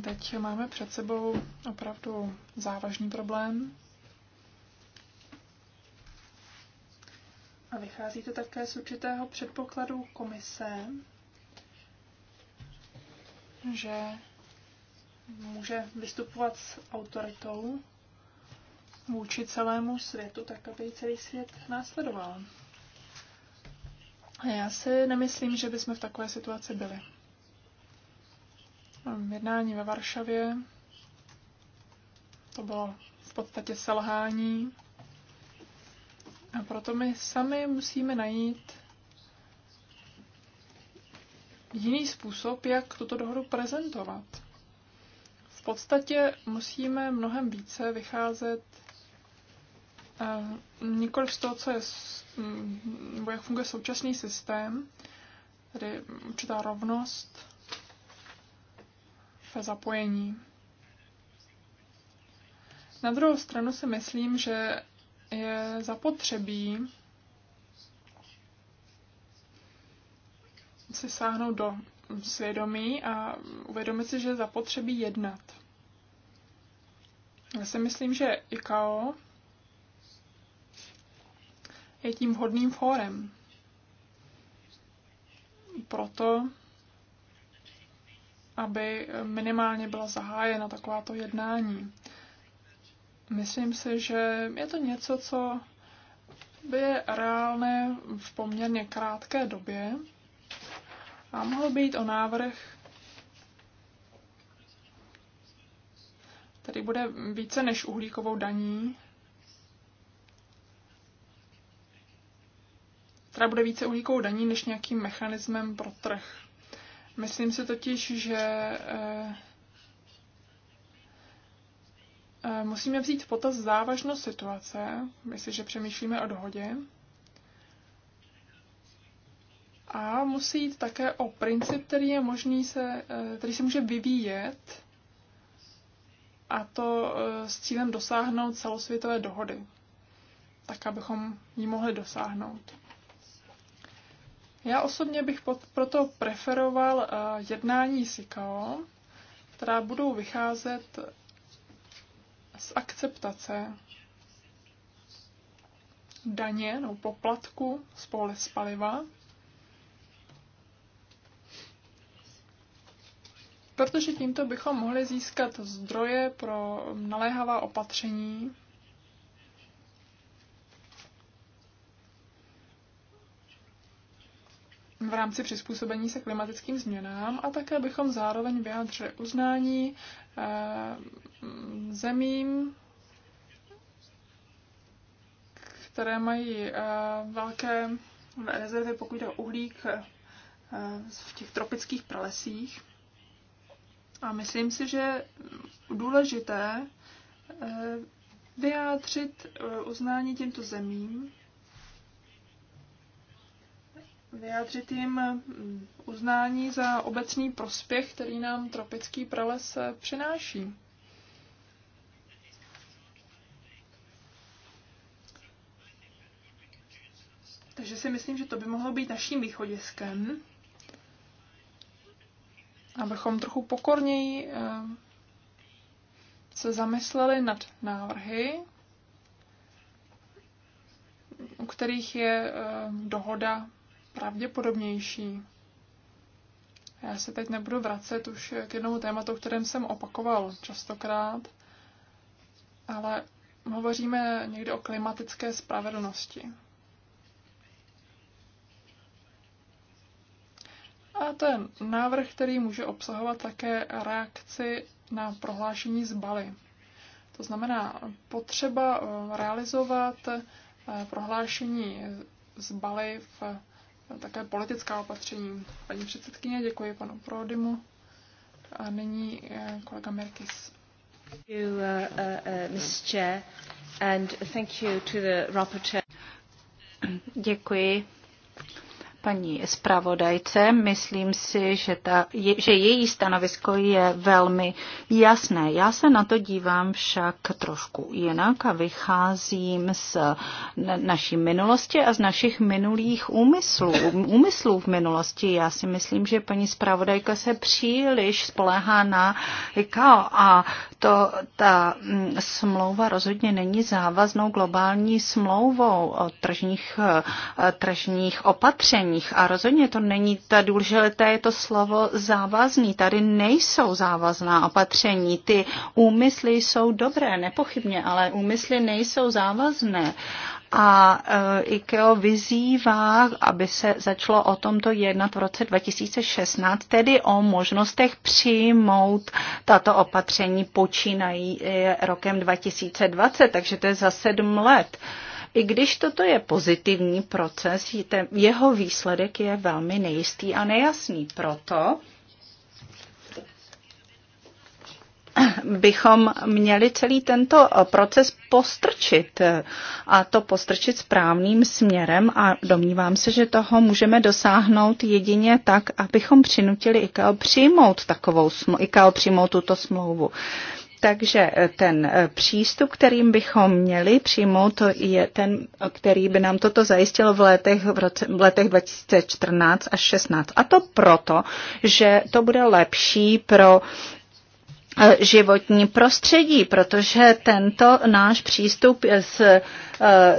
Teď máme před sebou opravdu závažný problém. A vychází to také z určitého předpokladu komise, že může vystupovat s autoritou vůči celému světu, tak aby celý svět následoval. A já si nemyslím, že bychom v takové situaci byli. Jednání ve Varšavě, to bylo v podstatě selhání a proto my sami musíme najít jiný způsob, jak tuto dohodu prezentovat. V podstatě musíme mnohem více vycházet eh, nikoli z toho, co je, mm, nebo jak funguje současný systém, tedy určitá rovnost ve zapojení. Na druhou stranu si myslím, že je zapotřebí si sáhnout do svědomí a uvědomit si, že je zapotřebí jednat. Já si myslím, že IKO je tím vhodným fórem. Proto, aby minimálně byla zahájena takováto jednání. Myslím si, že je to něco, co by je reálné v poměrně krátké době a mohlo být o návrh, který bude více než uhlíkovou daní, která bude více uhlíkovou daní než nějakým mechanismem pro trh. Myslím si totiž, že eh, Eh, musíme vzít v potaz závažnost situace, jestliže přemýšlíme o dohodě. A musí jít také o princip, který je možný se, eh, který se může vyvíjet a to eh, s cílem dosáhnout celosvětové dohody, tak abychom ji mohli dosáhnout. Já osobně bych pod, proto preferoval jednání s která budou vycházet z akceptace daně nebo poplatku spolu z paliva, protože tímto bychom mohli získat zdroje pro naléhavá opatření v rámci přizpůsobení se klimatickým změnám a také bychom zároveň vyjádřili uznání eh, zemím, které mají eh, velké rezervy, pokud jde o uhlík eh, v těch tropických pralesích. A myslím si, že důležité důležité vyjádřit uznání těmto zemím vyjádřit jim mm, uznání za obecný prospěch, který nám tropický prales eh, přináší. Takže si myslím, že to by mohlo být naším východiskem, abychom trochu pokorněji eh, se zamysleli nad návrhy, u kterých je eh, dohoda pravděpodobnější. Já se teď nebudu vracet už k jednomu tématu, kterém jsem opakoval častokrát, ale hovoříme někdy o klimatické spravedlnosti. A ten návrh, který může obsahovat také reakci na prohlášení z Bali. To znamená potřeba eh, realizovat eh, prohlášení z Bali v také politická opatření. Paní předsedkyně, děkuji panu Prodymu. A nyní eh, kolega Merkis. Děkuji, Děkuji paní zpravodajce. Myslím si, že, ta, je, že její stanovisko je velmi jasné. Já se na to dívám však trošku jinak a vycházím z naší minulosti a z našich minulých úmyslů. Úmyslů v minulosti. Já si myslím, že paní zpravodajka se příliš spolehá na ICAO a to, ta mm, smlouva rozhodně není závaznou globální smlouvou o tržních, eh, tržních opatření závazných. A rozhodně to není ta důležité, je to slovo závazný. Tady nejsou závazná opatření. Ty úmysly jsou dobré, nepochybně, ale úmysly nejsou závazné a e, IKEO vyzývá, aby se začalo o tomto jednat v roce 2016, tedy o možnostech přijmout tato opatření počínají e, rokem 2020, takže to je za sedm let. I když toto je pozitivní proces, jeho výsledek je velmi nejistý a nejasný. Proto bychom měli celý tento proces postrčit a to postrčit správným směrem a domnívám se, že toho můžeme dosáhnout jedině tak, abychom přinutili ICAO přijmout takovou ICAO přijmout tuto smlouvu. Takže eh, ten eh, přístup, kterým bychom měli přijmout, to je ten, který by nám toto zajistilo v letech, v, roce, v letech 2014 až 16. A to proto, že to bude lepší pro eh, životní prostředí, protože tento náš přístup s,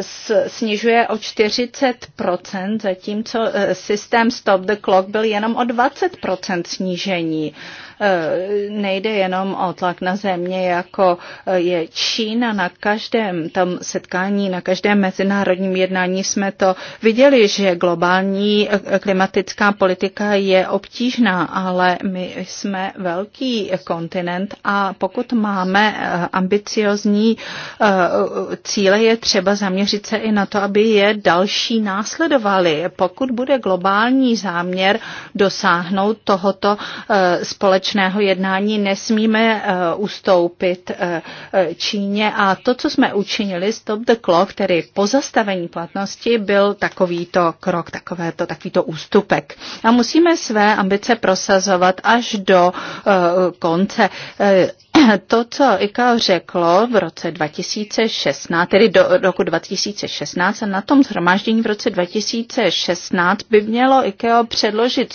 s, snižuje o 40 zatímco systém Stop the Clock byl jenom o 20 snížení. Uh, Eh, nejde jenom o tlak na země, jako eh, je Čína. Na každém tam setkání, na každém mezinárodním jednání jsme to viděli, že globální eh, klimatická politika je obtížná, ale my jsme velký kontinent a pokud máme ambiciozní cíle, je třeba zaměřit se i na to, aby je další následovali. Pokud bude globální záměr dosáhnout tohoto společnosti, společného jednání nesmíme eh, ustoupit eh, eh, Číně a to, co jsme učinili, stop the clock, tedy pozastavení platnosti, byl takovýto krok, takovéto, takovýto ústupek. A musíme své ambice prosazovat až do konce to, co ICAO řeklo v roce 2016, tedy do roku 2016 a na tom zhromáždění v roce 2016 by mělo ICAO předložit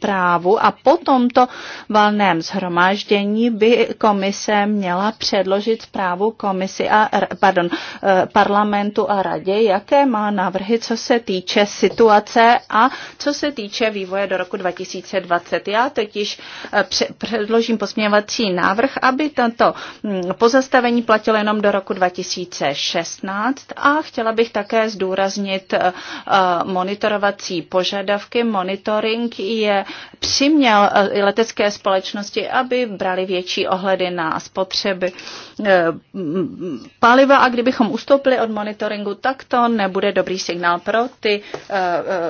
právu a po tomto valném zhromáždění by komise měla předložit zprávu komisi a, pardon, e, parlamentu a radě, jaké má návrhy, co se týče situace a co se týče vývoje do roku 2020. Já totiž e, předložím posměvací návrh, aby tento mm, pozastavení platilo jenom do roku 2016 a chtěla bych také zdůraznit e, monitorovací požadavky. Monitoring je je přiměl eh, letecké společnosti, aby brali větší ohledy na spotřeby eh, mm, paliva a kdybychom ustoupili od monitoringu, tak to nebude dobrý signál pro ty eh,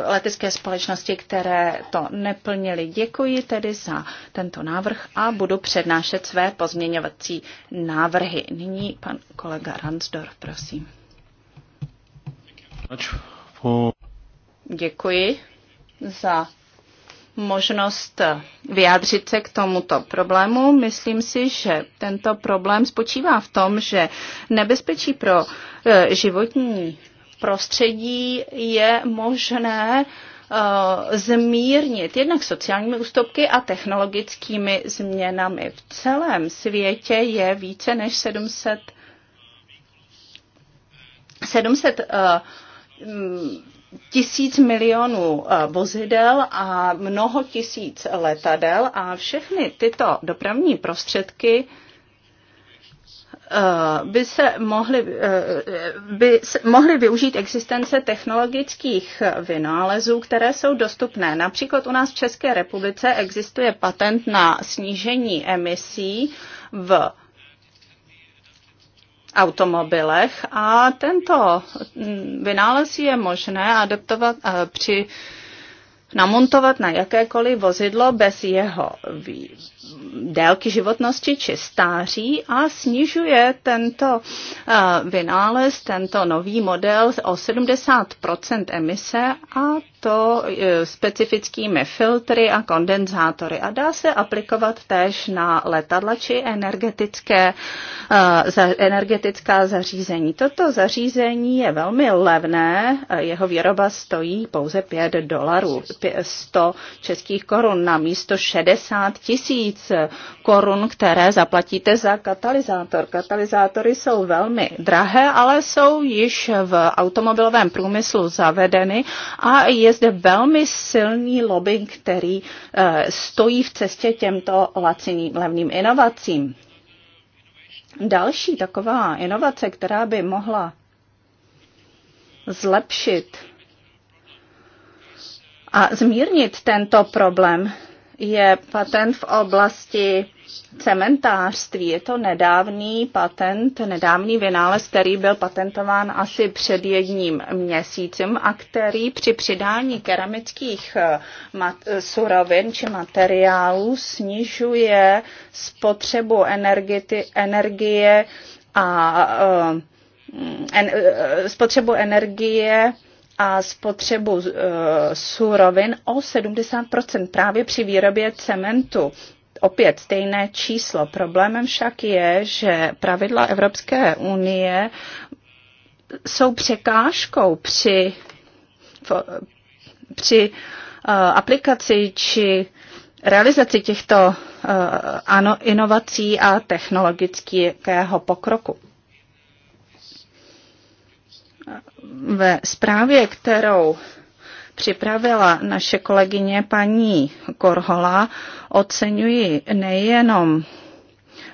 letecké společnosti, které to neplnily. Děkuji tedy za tento návrh a budu přednášet své pozměňovací návrhy. Nyní pan kolega Ransdorf, prosím. Děkuji za možnost vyjádřit se k tomuto problému. Myslím si, že tento problém spočívá v tom, že nebezpečí pro eh, životní prostředí je možné eh, zmírnit jednak sociálními ústupky a technologickými změnami. V celém světě je více než 700, 700 uh, tisíc milionů eh, vozidel a mnoho tisíc letadel a všechny tyto dopravní prostředky eh, by se mohly, eh, by se mohly využít existence technologických vynálezů, které jsou dostupné. Například u nás v České republice existuje patent na snížení emisí v automobilech a tento mm, vynález je možné adaptovat a eh, při namontovat na jakékoliv vozidlo bez jeho délky životnosti či stáří a snižuje tento eh, vynález, tento nový model o 70 emise a to e, specifickými filtry a kondenzátory a dá se aplikovat též na letadla či energetické, e, energetická zařízení. Toto zařízení je velmi levné, e, jeho výroba stojí pouze 5 dolarů, 100 českých korun na místo 60 tisíc korun, které zaplatíte za katalyzátor. Katalyzátory jsou velmi drahé, ale jsou již v automobilovém průmyslu zavedeny a je je zde velmi silný lobbying, který eh, stojí v cestě těmto laciným, levným inovacím. Další taková inovace, která by mohla zlepšit a zmírnit tento problém, je patent v oblasti cementářství. Je to nedávný patent, nedávný vynález, který byl patentován asi před jedním měsícem a který při přidání keramických eh, mat- eh, surovin či materiálů snižuje spotřebu energie a eh, en, spotřebu energie a spotřebu eh, surovin o 70 právě při výrobě cementu opět stejné číslo. Problémem však je, že pravidla Evropské unie jsou překážkou při, při eh, aplikaci či realizaci těchto eh, ano, inovací a technologického pokroku. Ve zprávě, kterou připravila naše kolegyně paní Korhola, oceňuji nejenom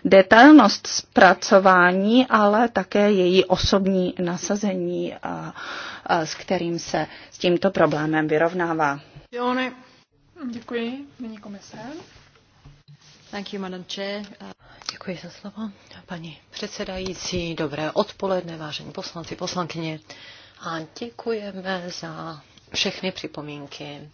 detailnost zpracování, ale také její osobní nasazení, a, a, s kterým se s tímto problémem vyrovnává. Děkuji. Nyní komisár. Děkuji za slovo. Paní předsedající, dobré odpoledne, vážení poslanci, poslankyně. A děkujeme za všechny připomínky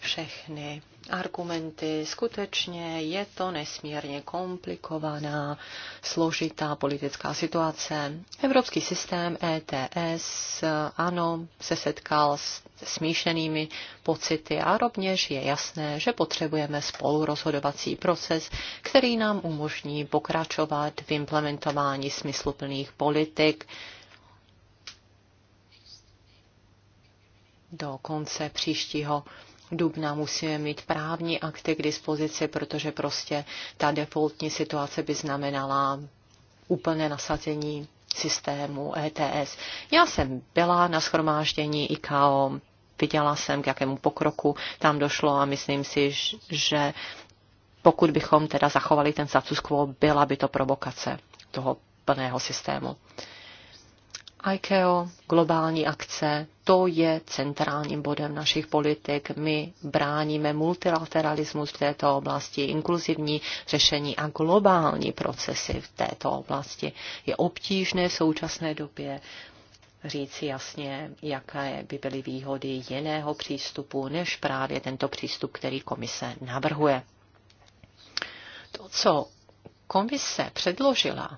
všechny argumenty. Skutečně je to nesmírně komplikovaná, složitá politická situace. Evropský systém ETS, ano, se setkal s smíšenými pocity a rovněž je jasné, že potřebujeme spolurozhodovací proces, který nám umožní pokračovat v implementování smysluplných politik, do konce příštího dubna musíme mít právní akty k dispozici, protože prostě ta defaultní situace by znamenala úplné nasazení systému ETS. Já jsem byla na schromáždění IKO, viděla jsem, k jakému pokroku tam došlo a myslím si, že pokud bychom teda zachovali ten status quo, byla by to provokace toho plného systému. ICAO, globální akce, to je centrálním bodem našich politik. My bráníme multilateralismus v této oblasti, inkluzivní řešení a globální procesy v této oblasti. Je obtížné v současné době říci jasně, jaké by byly výhody jiného přístupu, než právě tento přístup, který komise navrhuje. To, co komise předložila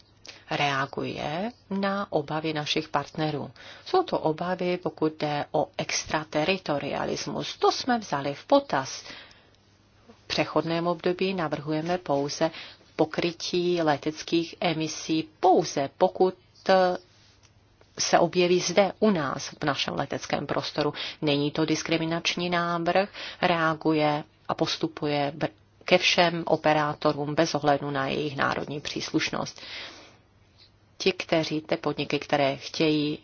reaguje na obavy našich partnerů. Jsou to obavy, pokud jde o extrateritorialismus. To jsme vzali v potaz. V přechodném období navrhujeme pouze pokrytí leteckých emisí, pouze pokud eh, se objeví zde u nás v našem leteckém prostoru. Není to diskriminační návrh, reaguje a postupuje ke všem operátorům bez ohledu na jejich národní příslušnost ti, kteří, ty podniky, které chtějí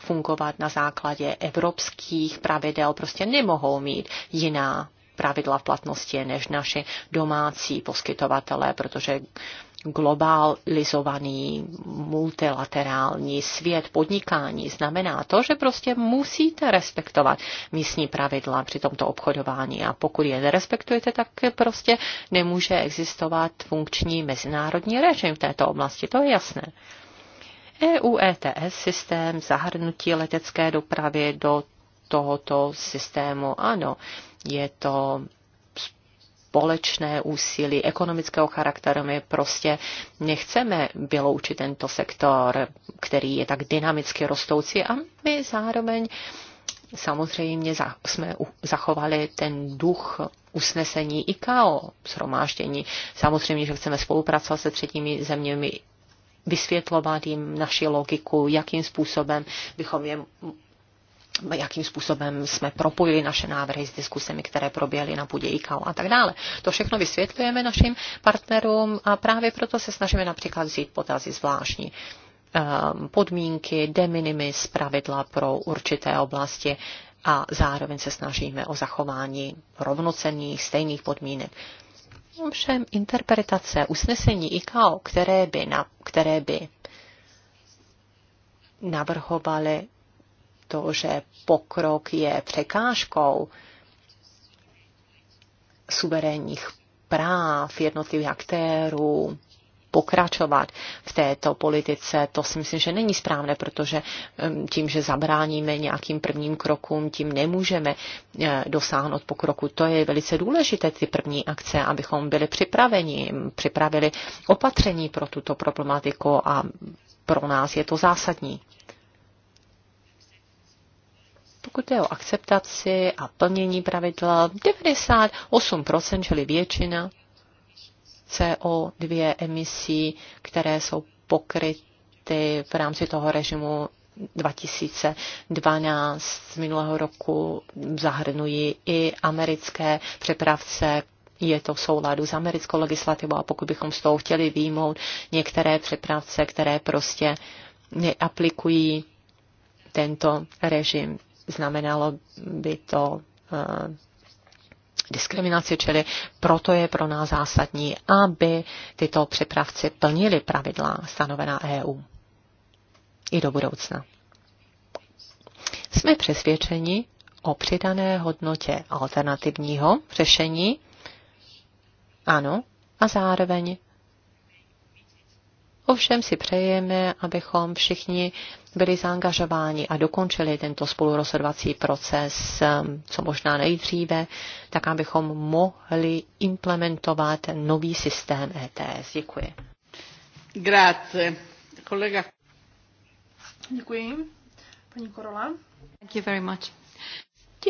fungovat na základě evropských pravidel, prostě nemohou mít jiná pravidla v platnosti než naši domácí poskytovatelé, protože globalizovaný multilaterální svět podnikání znamená to, že prostě musíte respektovat místní pravidla při tomto obchodování a pokud je nerespektujete, tak prostě nemůže existovat funkční mezinárodní režim v této oblasti, to je jasné. EU ETS systém zahrnutí letecké dopravy do tohoto systému, ano, je to společné úsilí ekonomického charakteru. My prostě nechceme vyloučit tento sektor, který je tak dynamicky rostoucí a my zároveň samozřejmě jsme zachovali ten duch usnesení IKO, shromáždění. Samozřejmě, že chceme spolupracovat se třetími zeměmi, vysvětlovat jim naši logiku, jakým způsobem bychom je jakým způsobem jsme propojili naše návrhy s diskusemi, které proběhly na půdě ICAO a tak dále. To všechno vysvětlujeme našim partnerům a právě proto se snažíme například vzít potazy zvláštní ehm, podmínky, de minimis pravidla pro určité oblasti a zároveň se snažíme o zachování rovnocenných, stejných podmínek. Ovšem interpretace usnesení ICAO, které by, na, které by navrhovaly to, že pokrok je překážkou suverénních práv jednotlivých aktérů, pokračovat v této politice, to si myslím, že není správné, protože tím, že zabráníme nějakým prvním krokům, tím nemůžeme e, dosáhnout pokroku. To je velice důležité, ty první akce, abychom byli připraveni, připravili opatření pro tuto problematiku a pro nás je to zásadní. Pokud je o akceptaci a plnění pravidla, 98%, čili většina CO2 emisí, které jsou pokryty v rámci toho režimu 2012 z minulého roku zahrnují i americké přepravce, je to v souladu s americkou legislativou a pokud bychom z toho chtěli výjmout některé přepravce, které prostě neaplikují tento režim, znamenalo by to eh, diskriminaci, čili proto je pro nás zásadní, aby tyto přepravci plnili pravidla stanovená EU i do budoucna. Jsme přesvědčeni o přidané hodnotě alternativního řešení, ano, a zároveň Ovšem si přejeme, abychom všichni byli zaangažováni a dokončili tento spolurozhodovací proces ehm, co možná nejdříve, tak abychom mohli implementovat nový systém ETS. Děkuji. Grazie. Kolega. Děkuji. Paní Korola. Thank you very much.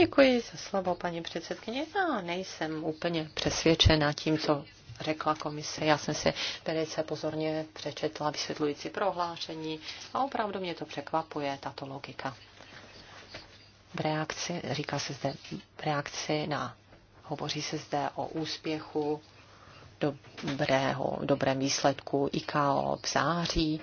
Děkuji za slovo, paní předsedkyně. No, nejsem úplně přesvědčena tím, co řekla komise. Já jsem si velice pozorně přečetla vysvětlující prohlášení a opravdu mě to překvapuje, tato logika. V reakci, říká se zde, v reakci na, hovoří se zde o úspěchu, dobrého, dobrém výsledku IKO v září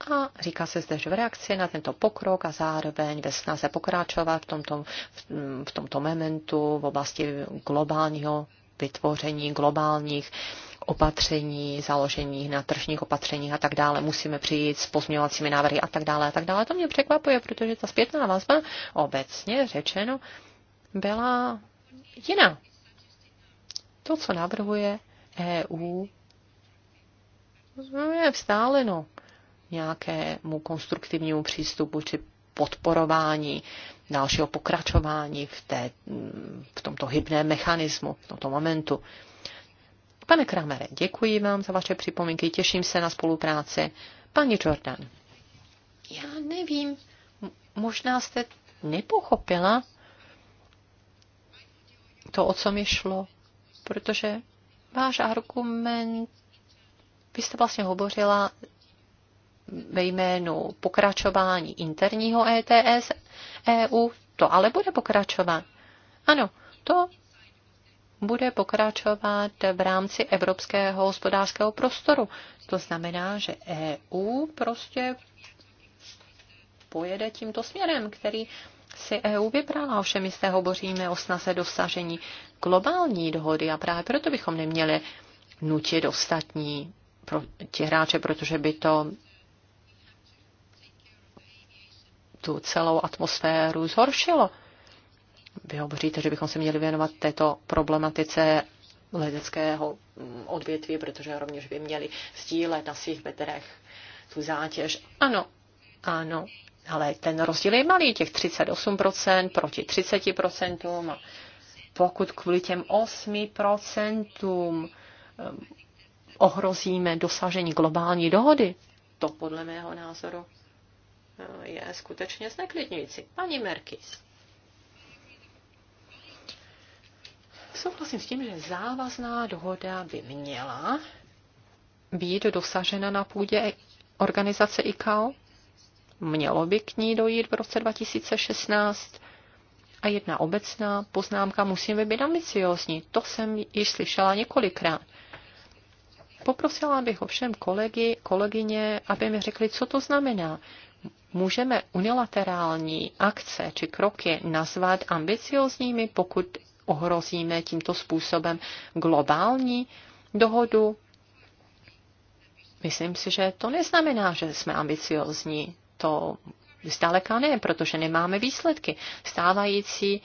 a říká se zde, že v reakci na tento pokrok a zároveň ve snaze pokračovat v tomto, v, v tomto momentu v oblasti globálního vytvoření globálních opatření, založení na tržních opatřeních a tak dále, musíme přijít s pozměňovacími návrhy a tak dále a tak dále. To mě překvapuje, protože ta zpětná vazba obecně řečeno byla jiná. To, co navrhuje EU, no, je vstáleno nějakému konstruktivnímu přístupu či podporování dalšího pokračování v, té, v tomto hybném mechanismu, v tomto momentu. Pane Kramere, děkuji vám za vaše připomínky, těším se na spolupráci. Pani Jordan, já nevím, možná jste nepochopila to, o co mi šlo, protože váš argument, vy jste vlastně hovořila ve jménu pokračování interního ETS EU, to ale bude pokračovat. Ano, to bude pokračovat v rámci evropského hospodářského prostoru. To znamená, že EU prostě pojede tímto směrem, který si EU vybrala. Ovšem my se hovoříme o snaze dosažení globální dohody a právě proto bychom neměli nutit ostatní proti hráče, protože by to tu celou atmosféru zhoršilo. Vy hovoříte, že bychom se měli věnovat této problematice leteckého odvětví, protože rovněž by měli sdílet na svých bedrech tu zátěž. Ano, ano, ale ten rozdíl je malý, těch 38% proti 30%. A pokud kvůli těm 8% ehm, ohrozíme dosažení globální dohody, to podle mého názoru je skutečně zneklidňující. Paní Merkis. Souhlasím s tím, že závazná dohoda by měla být dosažena na půdě organizace ICAO. Mělo by k ní dojít v roce 2016. A jedna obecná poznámka, musíme být ambiciózní. To jsem již slyšela několikrát. Poprosila bych ovšem kolegy, kolegyně, aby mi řekli, co to znamená můžeme unilaterální akce či kroky nazvat ambiciozními, pokud ohrozíme tímto způsobem globální dohodu. Myslím si, že to neznamená, že jsme ambiciozní. To zdaleka ne, protože nemáme výsledky. Stávající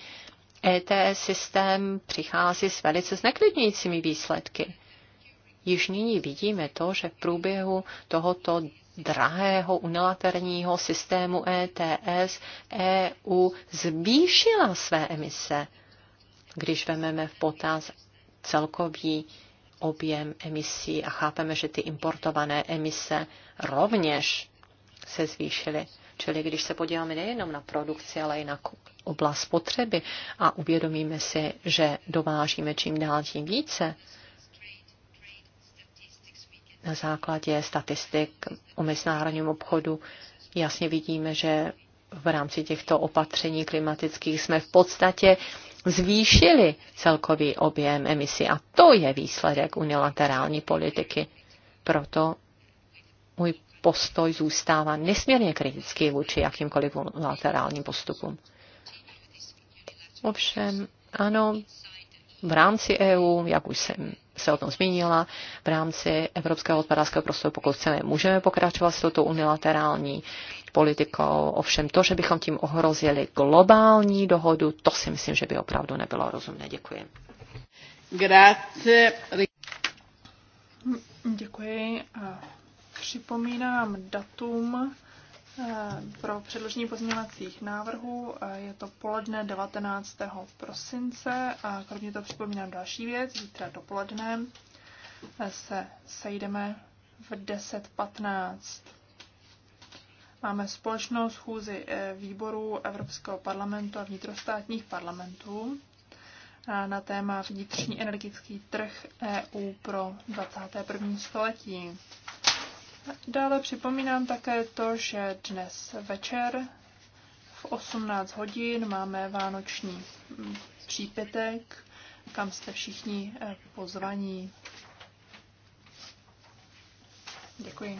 ETS systém přichází s velice zneklidňujícími výsledky. Již nyní vidíme to, že v průběhu tohoto drahého unilaterního systému ETS EU zvýšila své emise, když vememe v potaz celkový objem emisí a chápeme, že ty importované emise rovněž se zvýšily. Čili když se podíváme nejenom na produkci, ale i na oblast spotřeby a uvědomíme si, že dovážíme čím dál tím více, na základě statistik o mezinárodním obchodu jasně vidíme, že v rámci těchto opatření klimatických jsme v podstatě zvýšili celkový objem emisí a to je výsledek unilaterální politiky. Proto můj postoj zůstává nesmírně kritický vůči jakýmkoliv unilaterálním postupům. Ovšem, ano, v rámci EU, jak už jsem se o tom zmínila, v rámci Evropského hospodářského prostoru, pokud chceme, můžeme pokračovat s touto unilaterální politikou. Ovšem to, že bychom tím ohrozili globální dohodu, to si myslím, že by opravdu nebylo rozumné. Děkuji. Grazie. Děkuji. A připomínám datum Eh, pro předložení pozměňovacích návrhů. Eh, je to poledne 19. prosince a kromě toho připomínám další věc. Zítra dopoledne eh, se sejdeme v 10.15. Máme společnou schůzi výborů Evropského parlamentu a vnitrostátních parlamentů na téma vnitřní energetický trh EU pro 21. století. Dále připomínám také to, že dnes večer v 18 hodin máme vánoční přípitek, kam jste všichni eh, pozvaní. Děkuji.